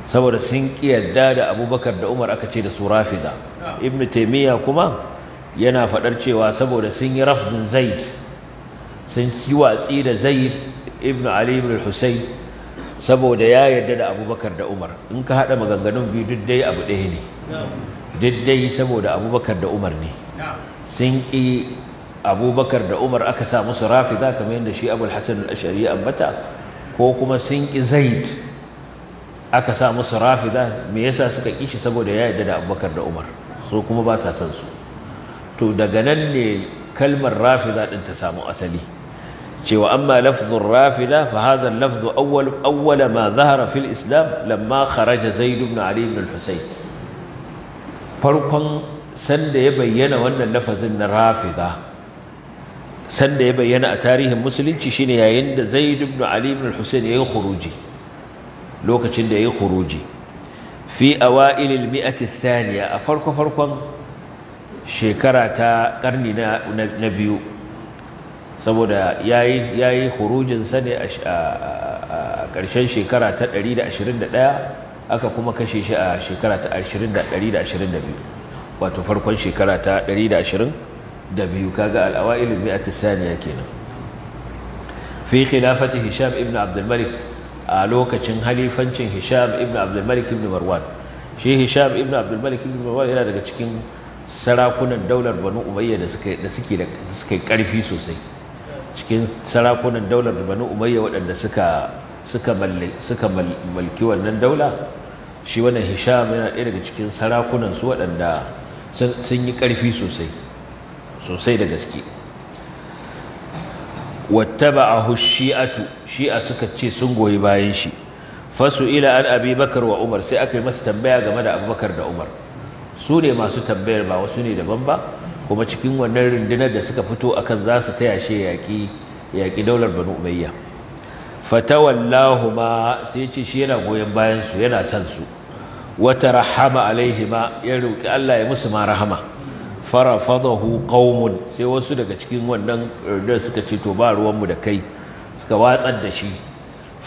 saboda sun ki yarda da abubakar da umar aka ce da su rafida ah. ibn taimiyya kuma yana faɗar cewa saboda sun yi rafdin zaid sun ci watsi da zaid ibn ali ibn husayn saboda ya yarda da abubakar da umar in ka haɗa maganganun biyu duk dai abu ɗaya ne duk dai saboda abubakar da umar ne sun ƙi abubakar da umar aka sa musu rafi rafida kamar yadda shi abul hasan al-ashari ambata ko kuma sun ƙi zaid aka sa musu rafida me yasa suka ƙi shi saboda ya yarda da abubakar da umar so kuma ba sa son su to daga nan ne kalmar rafida din ta samu asali cewa amma lafzun rafida fa hadha al awwal awwal ma zahara fil islam lamma kharaja zaid ibn ali ibn al-husayn farkon sanda ya bayyana wannan lafazin na rafida sanda ya bayyana a tarihin musulunci shine yayin da Zaid ibn Ali ibn Hussein yayin khuruji lokacin da yayin khuruji fi awail miati athaniya a farko farkon shekara ta ƙarni na biyu saboda ya yi hurujinsa ne a ƙarshen shekara ta 121 aka kuma kashe shi a shekara ta 122 wato farkon shekara ta 122 kaga al-awail mi'at saniya kenan fi khilafati hisham ibn abd al a lokacin halifancin hisham ibn abd al-malik ibn marwan shi hisham ibn abd al-malik ibn marwan yana daga cikin sarakunan daular banu umayya da suke da suka yi karfi sosai cikin sarakunan daular banu umayya waɗanda suka malki wannan daula shi wannan hisham yana ɗaya daga cikin sarakunan su waɗanda sun yi karfi sosai sosai da gaske wattaba'ahu shi'atu shi'a suka ce sun goyi bayan shi fasu ila an abi bakar wa umar sai aka yi masa tambaya game da abubakar da umar su ne masu tambayar ba wasu ne daban ba kuma cikin wannan rundunar da suka fito akan za su taya shi yaƙi yaƙi daular banu umayya fatawallahuma sai ce shi yana goyon bayansu, yana san su wata rahama alaihima ya roƙi Allah ya musu ma rahama farafadahu qaumun sai wasu daga cikin wannan rundunar suka ce to ba ruwanmu da kai suka watsar da shi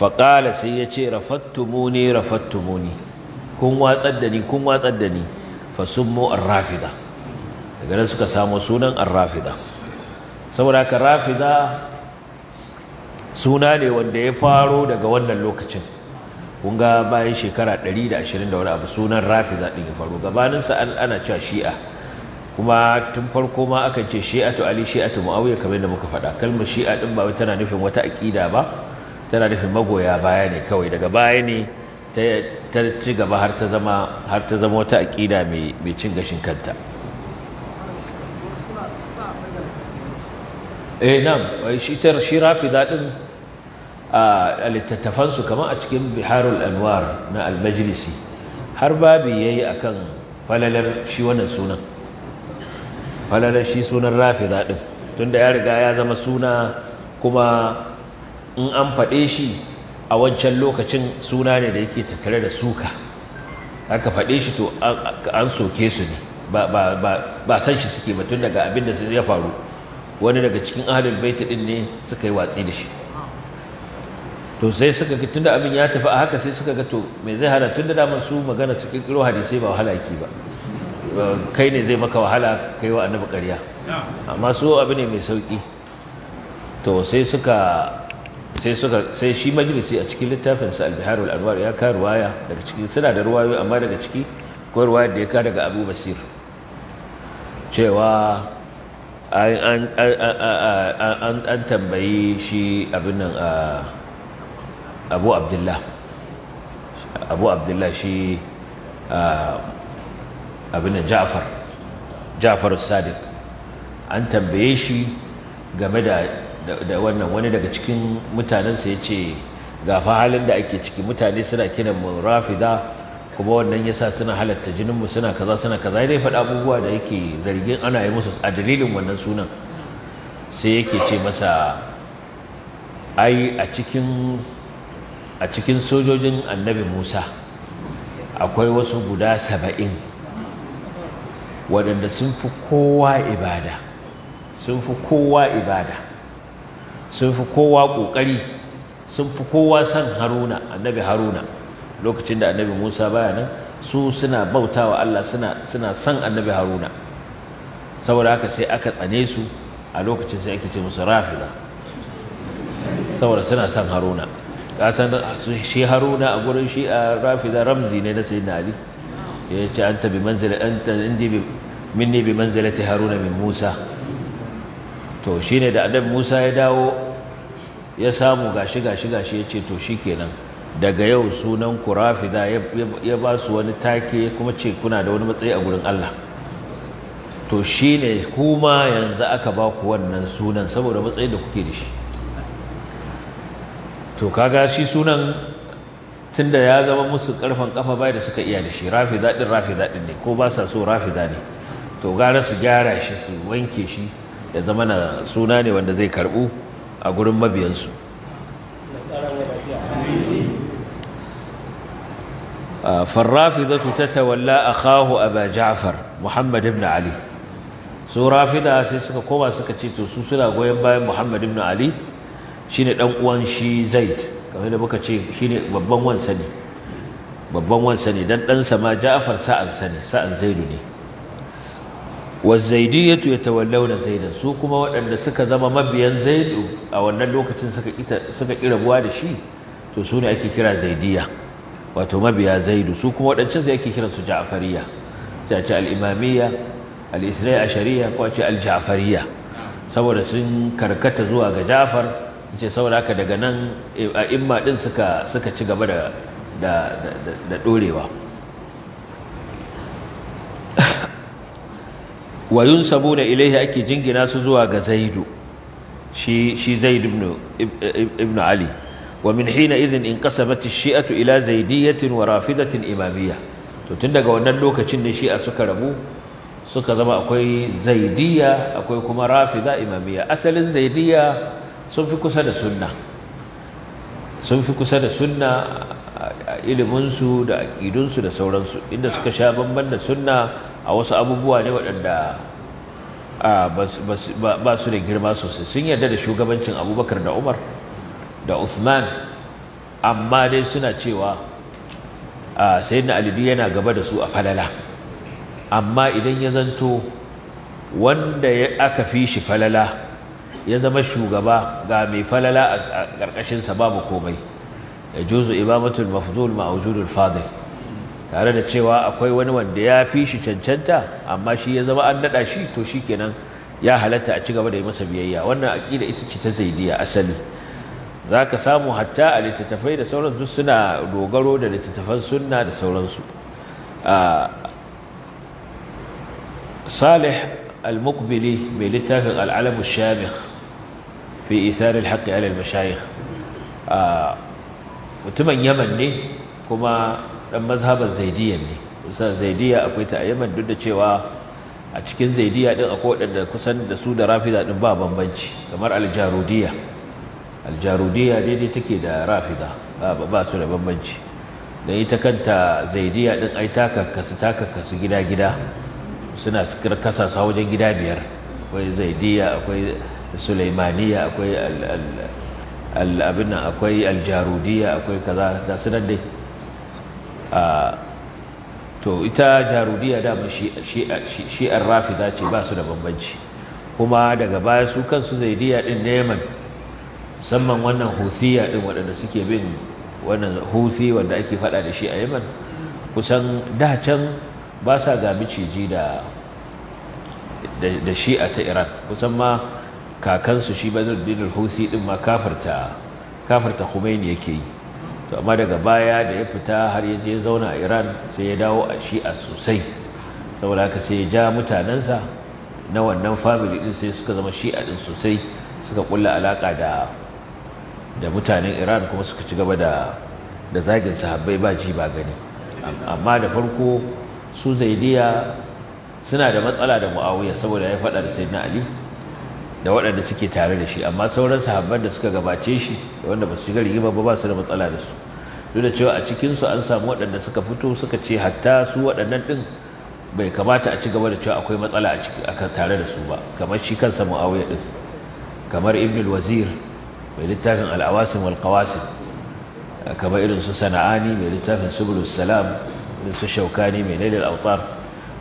faƙala sai ya ce rafattumuni rafattumuni kun watsar da ni kun watsar da ni Fasummo an rafida daga nan suka samu sunan an rafida saboda haka rafida suna ne wanda ya faro daga wannan lokacin kunga bayan shekara 120 da wani abu sunan rafida ɗin ya faro gabaninsa ana cewa shi'a kuma tun farko ma akan ce shi'atu ali shi'atu muawiya kamar da muka faɗa kalmar shi'a ɗin ba tana nufin wata aƙida ba tana nufin magoya baya ne kawai daga baya ne ta ci gaba har ta zama wata aƙida mai cin gashin kanta eh nan shi tar shi rafida daɗin? a littattafansu, kamar a cikin biharul anwar na almajlisi har babi yayi akan falalar shi wannan sunan falalar shi sunan daɗin tun tunda ya riga ya zama suna kuma in an faɗe shi a wancan lokacin suna ne da yake tattare da suka aka faɗe shi to an soke su ne ba san shi suke ba tun daga abin da ya faru wani daga cikin ahalul baiti din ne suka yi watsi da shi to sai suka ga tunda abin ya tafi a haka sai suka ga to me zai hana tunda da su magana su kirkiro hadisai ba wahala ki ba kai ne zai maka wahala kai wa annabi ƙarya amma su abu ne mai sauki to sai suka sai suka sai shi majalisi a cikin littafin sa al-biharul anwar ya ka ruwaya daga cikin suna da ruwayoyi amma daga ciki ko ruwaya da ya ka daga Abu Basir cewa an an an tambayi shi abin nan a Abu Abdullah Abu Abdullah shi abin nan Ja'far Ja'far as-Sadiq an tambaye shi game da da wannan wani daga cikin mutanensa ya ce ga fa halin da ake ciki mutane suna kiran mu rafida kuma wannan yasa suna halatta jinin mu suna kaza suna kaza dai faɗa abubuwa da yake zargin ana yi musu a dalilin wannan sunan sai yake ce masa ai a cikin a cikin sojojin annabi Musa akwai wasu guda saba'in waɗanda sun fi kowa ibada sun fi kowa ibada sun fi kowa ƙoƙari sun fi kowa son haruna annabi haruna lokacin da annabi musa baya nan su suna bautawa allah suna suna son annabi haruna saboda haka sai aka tsane su a lokacin sai ake ce musu rafida saboda suna son haruna kasan shi haruna a gurin shi a rafida ramzi ne na sayi ali ya ce an tabi manzala anta indi minni bi ta haruna min musa to shi ne da annabi Musa ya dawo ya samu gashi gashi gashi ya ce to shi kenan, daga yau sunan ku rafida ya ba su wani take kuma ce kuna da wani matsayi a gurin Allah to shi ne kuma yanzu aka ba ku wannan sunan saboda matsayin da kuke da shi to kaga shi sunan tunda ya zama musu karfan kafa bai da suka iya da shi rafi zaɗin rafi zaɗin ne ko ba sa so rafi ne to gara su gyara shi su wanke shi ya zama na suna ne wanda zai karbu a gurin mabiyansu farrafidatu tatawalla akhahu aba ja'far muhammad ibn ali su rafida sai suka koma suka ce to su suna goyon bayan muhammad ibn ali shine dan uwan shi zaid kamar da muka ce shine babban wansa ne babban wansa ne dan dan sa ma ja'far sa'an sa'an zaidu ne والزيدية يتولون زيدا su kuma waɗanda suka zama mabiyan zaidu a wannan lokacin suka ita suka kirabuwa da shi to su ne ake kira zaidiya wato mabiya zaidu su kuma waɗancan sai ake kiran su ja'fariya ta ce al-imamiyya al-isra'i ashariya ko ce al-ja'fariya saboda sun karkata zuwa ga Ja'far ce saboda haka daga nan a'imma din suka suka ci gaba da da da dorewa wa yunsabuna ilaihi ake jingina su zuwa ga zaidu shi shi zaid ibn ibn ali wa min hina idhin inqasamat ash-shi'atu ila zaidiyatin wa rafidatin imamiyya to tun daga wannan lokacin ne shi'a suka rabu suka zama akwai zaidiya akwai kuma rafida imamiyya asalin zaidiyya sun fi kusa da sunna sun fi kusa da sunna iliminsu da aƙidunsu da sauransu inda suka sha bamban da sunna a wasu abubuwa ne waɗanda ba su da girma sosai sun yarda da shugabancin abubakar da umar da usman amma dai suna cewa na alibi yana gaba da su a falala amma idan ya zanto wanda aka fi shi falala ya zama shugaba ga mai falala a ƙarƙashinsa babu komai ya juzu imamatul mafzul ma'ujudul fadil tare da cewa akwai wani wanda ya fi shi cancanta amma shi ya zama an naɗa shi to shi kenan ya halatta a ci gaba da yi masa biyayya wannan aƙida ita ce ta zaidiya asali za ka samu hatta a littattafai da sauransu suna dogaro da littattafan sunna da sauransu salih al-mukbili mai littafin al'alamu shamikh fi ithar al-haqqi ala mashayikh mutumin yaman ne kuma dan mazhaban zaidiyya ne kusan zaidiyya akwai ta a Yaman duk da cewa a cikin zaidiyya din akwai wadanda kusan da su da rafida din ba bambanci kamar aljarudiyya aljarudiyya daidai take da rafida ba ba su da bambanci dan ita kanta zaidiyya din ai ta takakkasu gida gida suna kasa su wajen gida biyar akwai zaidiyya akwai sulaimaniya akwai al abin akwai aljarudiya akwai kaza ga sunan dai Ah, to ita jarudiya da dama shi'ar rafida ce ba su da bambanci kuma daga baya su kansu zaidiya din na yaman musamman wannan husiya din waɗanda suke bin wannan husi wanda ake faɗa da shi a yaman kusan da can ba sa ga miciji da da shi'a ta iran kusan ma kakansu shi badruddin dinar husi din ma kafarta kafarta khomeini yake yi to amma daga baya da ya fita har ya je zauna a iran sai ya dawo a shi'a sosai saboda haka sai ya ja mutanensa na wannan famili din sai suka zama shi'a din sosai suka kulla alaka da da mutanen iran kuma suka ci gaba da da zagin sahabbai ba ji ba gani amma da farko su zaidiya suna da matsala da muawiya saboda ya faɗa da sayyidina ali da waɗanda suke tare da shi amma sauran sahabban da suka gabace shi wanda ba su shiga rigima ba ba su da matsala da su duk da cewa a cikinsu an samu waɗanda suka fito suka ce hatta su waɗannan ɗin bai kamata a ci gaba da cewa akwai matsala a tare da su ba kamar shi kansa mu'awiya din kamar ibn wazir mai littafin al-Awasim wal qawasim kamar irin su sana'ani mai littafin subulus salam irin su shaukani mai nailal autar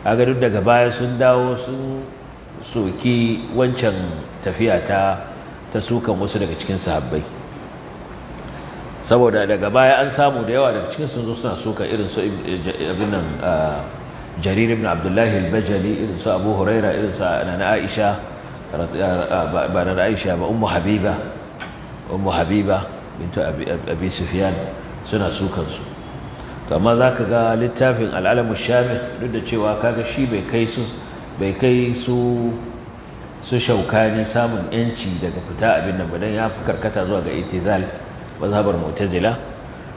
aga duk daga baya sun dawo su. soki wancan tafiya ta ta sukan wasu daga cikin sahabbai saboda daga baya an samu da yawa daga cikin sun zo suna suka irin su eh, abin nan ah, jarir ibn abdullahi al-bajali irin su abu huraira irin su ah, nana aisha ah, ba nana aisha ba ummu habiba ummu habiba bintu abi sufyan suna sukan su to amma zaka ga littafin al-alam duk da cewa kaga shi bai kai su bai kai su su shaukani samun yanci daga fita abin da badan ya fi karkata zuwa ga itizal mazhabar mu'tazila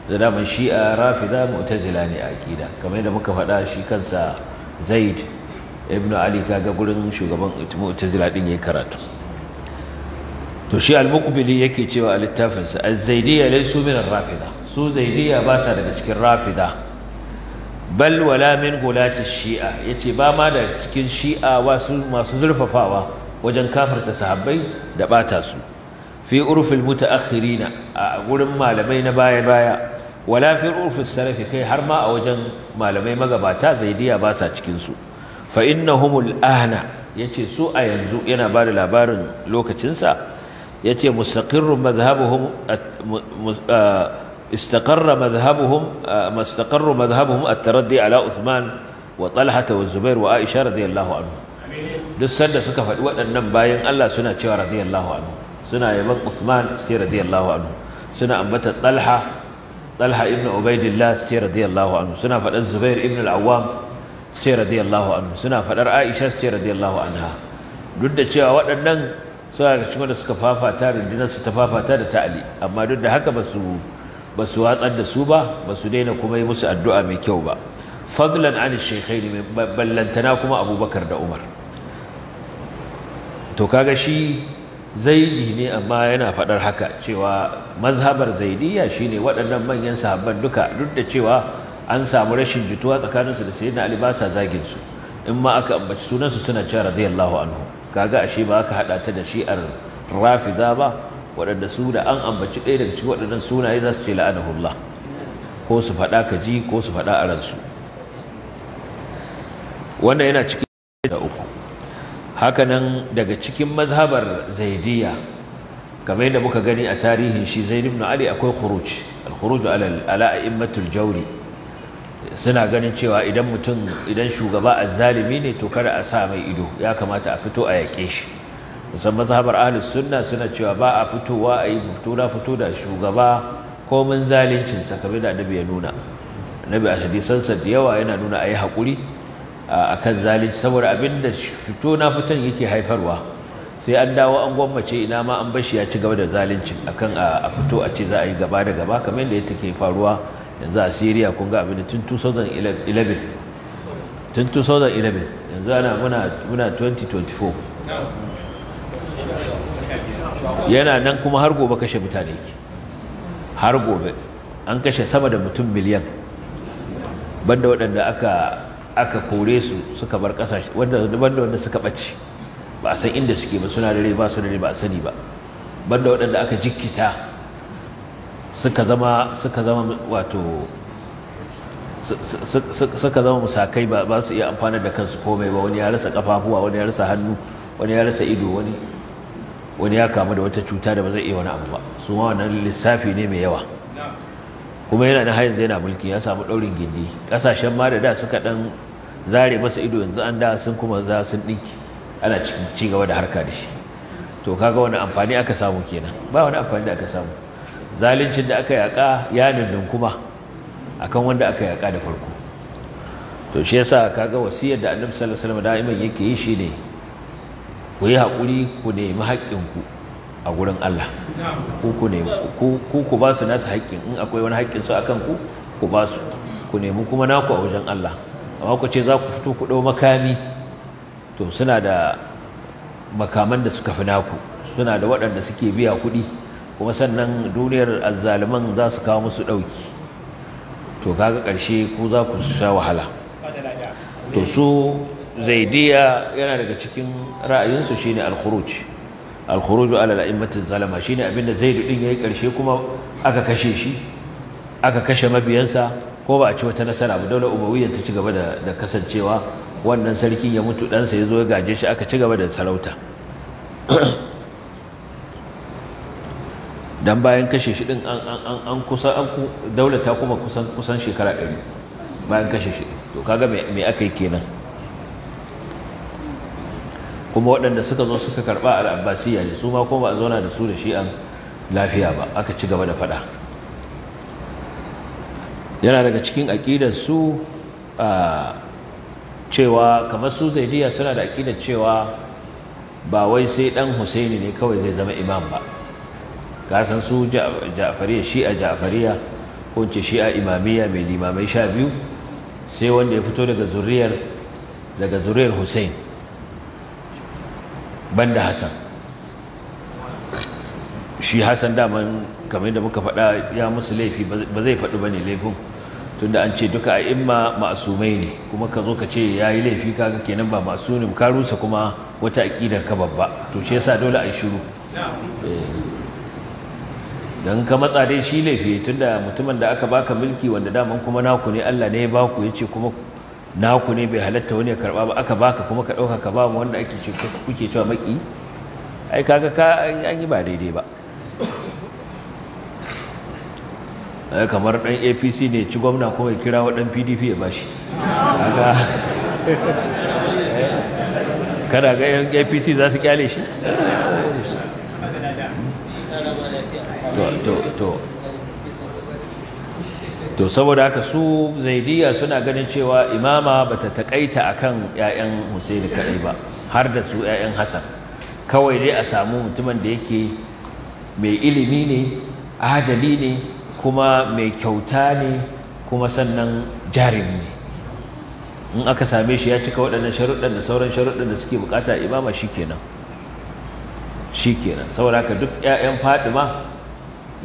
da shi shi'a rafida mu'tazila ne a aqida kamar yadda muka faɗa shi kansa zaid ibn ali kaga gurin shugaban mu'tazila din yi karatu to shi al-muqbili yake cewa a littafinsa az-zaidiyya laysu min ar-rafida su zaidiyya ba sa daga cikin rafida bal wala min gulati shi'a yace ba ma da cikin shi'a wasu masu zurfafawa wajen kafarta sahabbai da bata su fi urfil mutaakhirina a gurin malamai na baya baya wala fi urfis kai har ma a wajen malamai magabata zaidiya ba sa cikin su fa innahumul ahna yace su a yanzu yana bada labarin lokacinsa yace mustaqirru madhhabuhum استقر مذهبهم مستقر مذهبهم التردي على عثمان وطلحة والزبير وعائشة رضي الله عنهم duk sanda suka faɗi waɗannan bayan Allah suna cewa radiyallahu anhu suna yaban Uthman su ce radiyallahu suna ambata Talha Talha ibn Ubaidillah su ce radiyallahu suna faɗar Zubair ibn al-Awwam su ce suna faɗar Aisha su ce radiyallahu duk da cewa waɗannan suna da suka fafata rundunar ta fafata da ta'ali amma duk da haka ba su ba su watsar da su ba ba su daina kuma yi musu addu'a mai kyau ba fadlan an shekhaini ballantana kuma abubakar da umar to kaga shi zaidi ne amma yana faɗar haka cewa mazhabar zaidiya shine waɗannan manyan sahabban duka duk da cewa an samu rashin jituwa tsakaninsu da sayyidina ali ba sa zagin su in ma aka ambaci sunansu suna cewa radiyallahu anhu kaga ashe ba aka haɗa ta da shi'ar rafida ba waɗanda da an ambaci ɗaya daga cikin waɗannan sunaye za su ce la'anahullah ko su faɗa ka ji ko su faɗa a ransu wannan yana cikin da uku hakanan daga cikin mazhabar zaidiyya kamar yadda muka gani a tarihin shi zaidi ibn ali akwai khuruj al-khuruj ala a'immatul jawri suna ganin cewa idan mutum idan shugaba azzalimi ne to kada a sa mai ido ya kamata a fito a yake shi kusan mazhabar ahlus sunna suna cewa ba a fitowa a yi fito na fito da shugaba komin zalincin sa kamar da annabi ya nuna annabi a hadisan sa da yawa yana nuna ayi hakuri akan zalinci saboda abinda fito na fitan yake haifarwa sai an dawo an gwammace ina ma an bashi ya ci gaba da zalincin akan a fito a ce za a yi gaba da gaba kamar yadda take faruwa yanzu a Syria kun ga abin tun 2011 tun 2011 yanzu ana muna 2024 yana nan kuma har gobe kashe mutane yake har gobe an kashe sama da mutum miliyan banda waɗanda aka aka kore su suka bar ƙasashe wanda banda wanda suka ɓace ba a san inda suke ba suna dare ba su dare ba a sani ba banda waɗanda aka jikkita suka zama suka zama wato suka zama musakai ba su iya amfana da kansu komai ba wani ya rasa ƙafafuwa, wani ya rasa hannu wani ya rasa ido wani wani ya kamu da wata cuta da ba zai iya wani abu ba su ma wannan lissafi ne mai yawa kuma yana na har zai yana mulki ya samu ɗaurin gindi ƙasashen ma da da suka ɗan zare masa ido yanzu an da sun kuma za sun ɗinki ana ci gaba da harka da shi to kaga wani amfani aka samu kenan ba wani amfani da aka samu zaluncin da aka yaƙa ya nunnun kuma akan wanda aka yaƙa da farko to shi yasa kaga wasiyar da annabi sallallahu alaihi wasallam da'iman yake yi shi ne. ku yi haƙuri ku nemi haƙƙinku a gurin Allah ku ku ba su nasu haƙƙin in akwai wani haƙƙin su a kanku? ku ba su ku nemi kuma naku a wajen Allah amma ku ce za ku fito ku ɗau makami to suna da makaman da suka fi naku suna da waɗanda suke biya kuɗi kuma sannan duniyar azzaliman za su kawo musu ɗauki to kaga ƙarshe ku za ku sha wahala to su zaidiya yana daga cikin ra'ayinsu shine al-khuruj al-khuruj ala al zalama shine abinda zaidu din yayi karshe kuma aka kashe shi aka kashe mabiyansa ko ba a ci wata nasara ba daular umawiyyar ta ci gaba da da kasancewa wannan sarkin ya mutu dan ya zo ya gaje shi aka ci gaba da sarauta dan bayan kashe shi din an an an kusa an daular ta kuma kusan kusan shekara 100 bayan kashe shi to kaga me me aka yi kenan kuma waɗanda suka zo suka karɓa al'abbasiya ne su ma kuma ba a zauna da su da shi an lafiya ba aka ci gaba da faɗa yana daga cikin aƙidar su a cewa kamar su zaidiya suna da aƙidar cewa ba wai sai ɗan husaini ne kawai zai zama imam ba kasan su ja'fariya shi'a ja'fariya ko ce shi'a imamiyya mai limamai sha biyu sai wanda ya fito daga zuriyar daga zuriyar husaini banda Hassan shi Hassan daman kamar da muka faɗa ya musu laifi ba zai faɗi ne laifin tunda an ce duka a masu mai ne kuma ka zo ka ce ya yi laifi kaga kenan ba masu ne ka rusa kuma wata aƙidar ka babba to shi yasa dole a yi shiru eh. don ka matsa dai shi laifi tunda mutumin da aka baka milki wanda daman kuma naku ne Allah ne ya baku yace kuma naku ne bai halatta wani ya karba ba aka baka kuma ka ɗauka ka ba mu wanda ake ce kuke cewa maki ai kaga ka an yi ba daidai ba kamar dan APC ne ci gwamna ko ya kira wa wadan PDP ya bashi kaga eh, kada ga yan APC za su kyale shi to to to to saboda haka su zaidiya suna ganin cewa imama bata takaita akan ƴaƴan Husaini kadai ba har da su 'ya'yan Hassan kawai dai a samu mutumin da yake mai ilimi ne adali ne kuma mai kyauta ne kuma sannan jarumi ne in aka same shi ya cika waɗannan sharuɗɗan da sauran sharuɗan da suke bukata imama shikenan shikenan saboda haka duk ƴaƴan fadima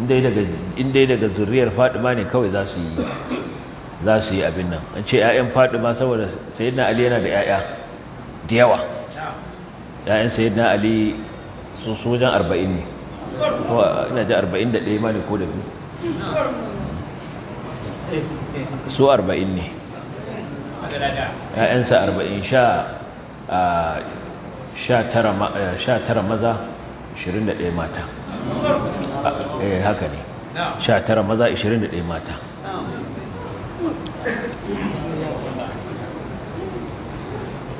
in dai daga zuriyar Fadima ne kawai za su yi za su yi abin nan an ce 'ya'yan Fadima saboda sayyidina Ali yana da 'ya'ya da yawa 'ya'yan sayyidina Ali su sojan arba'in ne ko ina ji arba'in da ɗaya ma ne ko da biyu su arba'in ne ‘ya'yansa arba'in sha ah, tara maza 21 da ɗaya mata eh haka ne 19 maza 21 mata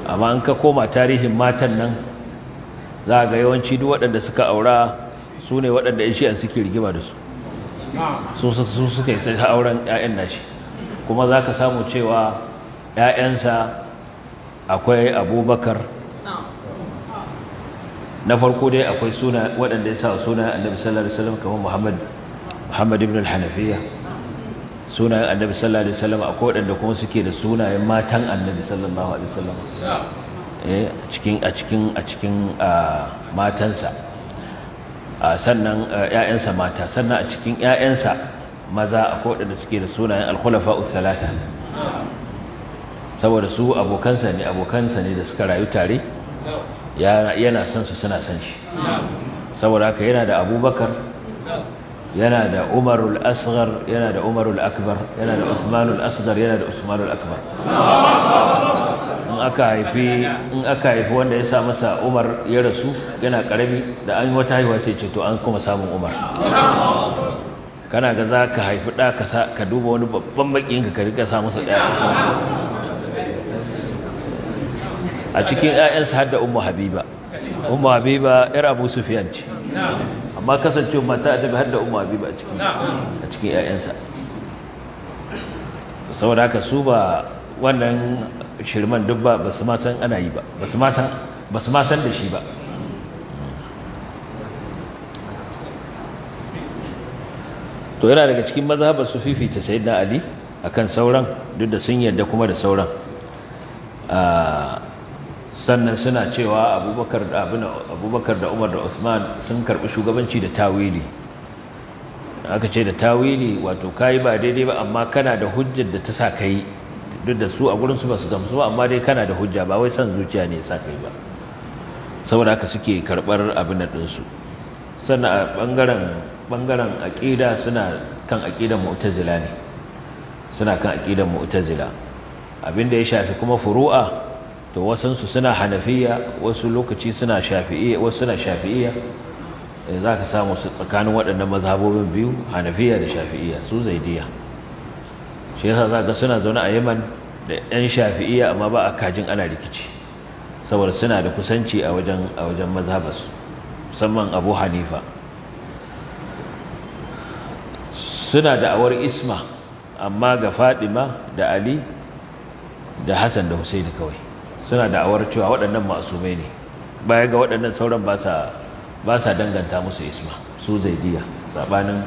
amma an ka koma tarihin matan nan za ga yawanci duk waɗanda suka aura su ne waɗanda yan shi'an suke rigima da su su suka yi sai auren 'ya'yan nashi kuma za ka samu cewa 'ya'yansa akwai abubakar na farko dai akwai suna waɗanda ya sa suna annabi sallallahu alaihi wasallam kamar Muhammad Muhammad ibn al-Hanafiya sunayen annabi sallallahu alaihi wasallam akwai waɗanda kuma suke da sunayen matan annabi sallallahu alaihi wasallam eh cikin a cikin a cikin matansa sannan ƴaƴansa mata sannan a cikin ƴaƴansa maza akwai waɗanda suke da sunayen al-khulafa'u thalatha saboda su abokansa ne abokansa ne da suka rayu tare yana son su suna son shi saboda haka yana da abubakar yana da umarul asghar yana da umarul akbar yana da usmanul asghar yana da usmanul akbar in aka haifi in aka haifi wanda ya sa masa umar ya rasu yana karami da an wata haihuwa sai ce to an kuma samun umar kana ga za ka haifi ɗa ka duba wani babban bakin ka ka rika sa masa ɗaya a cikin 'ya'yansa har da habiba umu habiba yar abu sufyan ce amma kasancewa mata adabi har da ummu habiba a cikin a su 'ya'yansa saboda haka su ba wannan shirman duk ba su ma san ana yi ba ba su ma san da shi ba to yana daga cikin mazhabar su fifita sayyidina ali akan sauran duk da sun yarda kuma da sauran ah, sannan suna cewa abubakar da umar da usman sun karɓi shugabanci da tawili aka ce da tawili wato kayi ba daidai ba amma kana da hujjar da ta sa ka yi duk da su a gurin su ba su gamsu ba amma dai kana da hujja ba wai son zuciya ne ya sa ka yi ba saboda haka suke karɓar abin da su sannan a ɓangaren bangaren suna kan aƙidan mu'tazila ne suna kan mu'tazila abin da ya shafi kuma furu'a to wasansu suna hanafiya wasu lokaci suna shafi'iyya wasu suna shafi'iyya eh, za ka samu su tsakanin waɗannan mazhabobin biyu hanafiya da shafi'iyya su zaidiya shi yasa za ka suna zaune a yaman da 'yan shafi'iyya amma ba a kajin ana rikici saboda suna da kusanci a wajen a wajen mazhabarsu musamman abu hanifa suna da awar isma amma ga fadima da ali da hassan da husaini kawai suna da'awar cewa waɗannan masumai ne baya ga waɗannan sauran ba sa danganta musu isma su zaidiya sabanin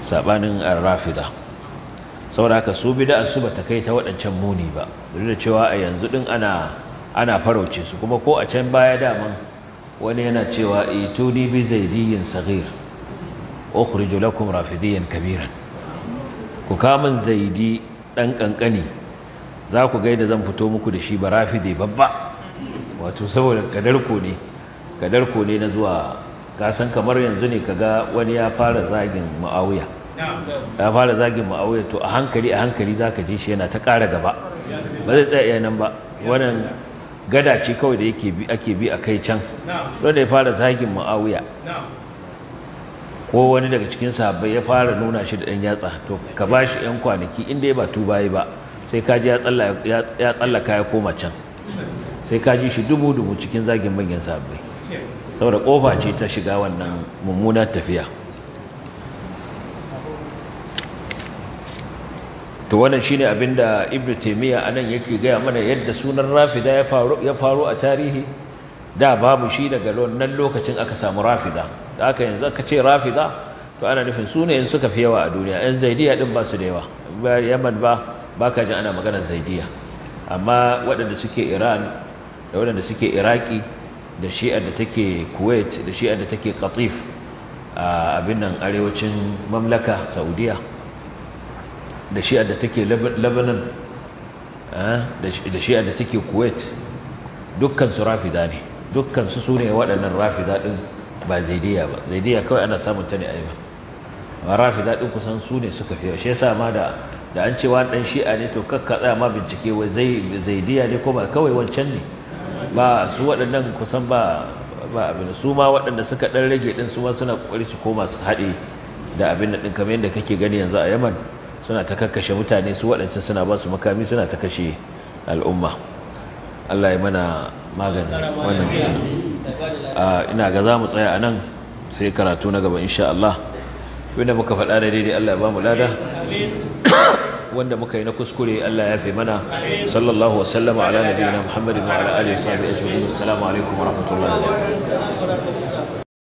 sabanin rafida saboda haka su bid'a su ta kai ta waɗancan muni ba duk da cewa a yanzu ɗin ana ana farauce su kuma ko a can baya daman wani yana cewa ni bi zaidiyin saghir ukhriju lakum rafidiyan kabiran ku kamun zaidi ɗan ƙanƙani. za ku ga yadda zan fito muku da shi barafide babba wato saboda kadarko ne kadarko ne na zuwa kasan kamar yanzu ne kaga wani ya fara zagin muawiya ya fara zagin ma'awuya to a hankali a hankali ka ji shi yana ta ƙara gaba ba zai tsaya nan ba wannan gada ce kawai da yake bi ake bi a kai can wanda ya fara zagin muawiya ko wani daga cikin sahabbai ya fara nuna shi da ɗan yatsa to ka ba shi 'yan kwanaki inda ya ba bayi ba sai kaji ya tsallaka ya koma can sai kaji shi dubu-dubu cikin zagin manyan sabbai saboda kofa ce ta shiga wannan mummunar tafiya to wannan shine da ibn taymiya anan yake gaya mana yadda sunan rafida ya faru a tarihi da babu shi daga wannan lokacin aka samu rafida da aka yanzu aka ce rafida to ana nufin sunayen suka fi yawa a duniya yan zaidiya din ba su da yawa yaman ba Baka jin ana maganar zaidiya amma waɗanda suke iran da waɗanda suke iraki da shi'ar da take kuwait da shi'ar da take katif a abin nan arewacin mamlaka saudiya da shi'ar da take lebanon da shi'ar da take kuwait dukkan su rafida ne dukkan su sune waɗannan rafida ɗin ba zaidiya ba zaidiya kawai ana samun ta ne a yi ba rafida ɗin kusan su ne suka fi shi yasa ma da da an ce wani dan shi'a ne to kakka tsaya ma bincike wai zai zaidiya ne ko ba kawai wancan ne ba su waɗannan kusan ba ba abin su ma waɗanda suka ɗan rage din su ma suna kokari su koma su haɗe da abin din kamar yadda kake gani yanzu a Yaman suna ta kakkashe mutane su waɗancan suna ba su makami suna ta kashe al'umma Allah ya mana magani wannan ina ga za mu tsaya a nan sai karatu na gaba insha Allah wanda muka faɗa da daidai Allah ya ba mu lada wanda muka yi na kuskure Allah ya fi mana sallallahu wa sallama ala nabiyina Muhammadin wa ala alihi wa sahbihi ajma'in assalamu alaikum wa rahmatullahi wa barakatuh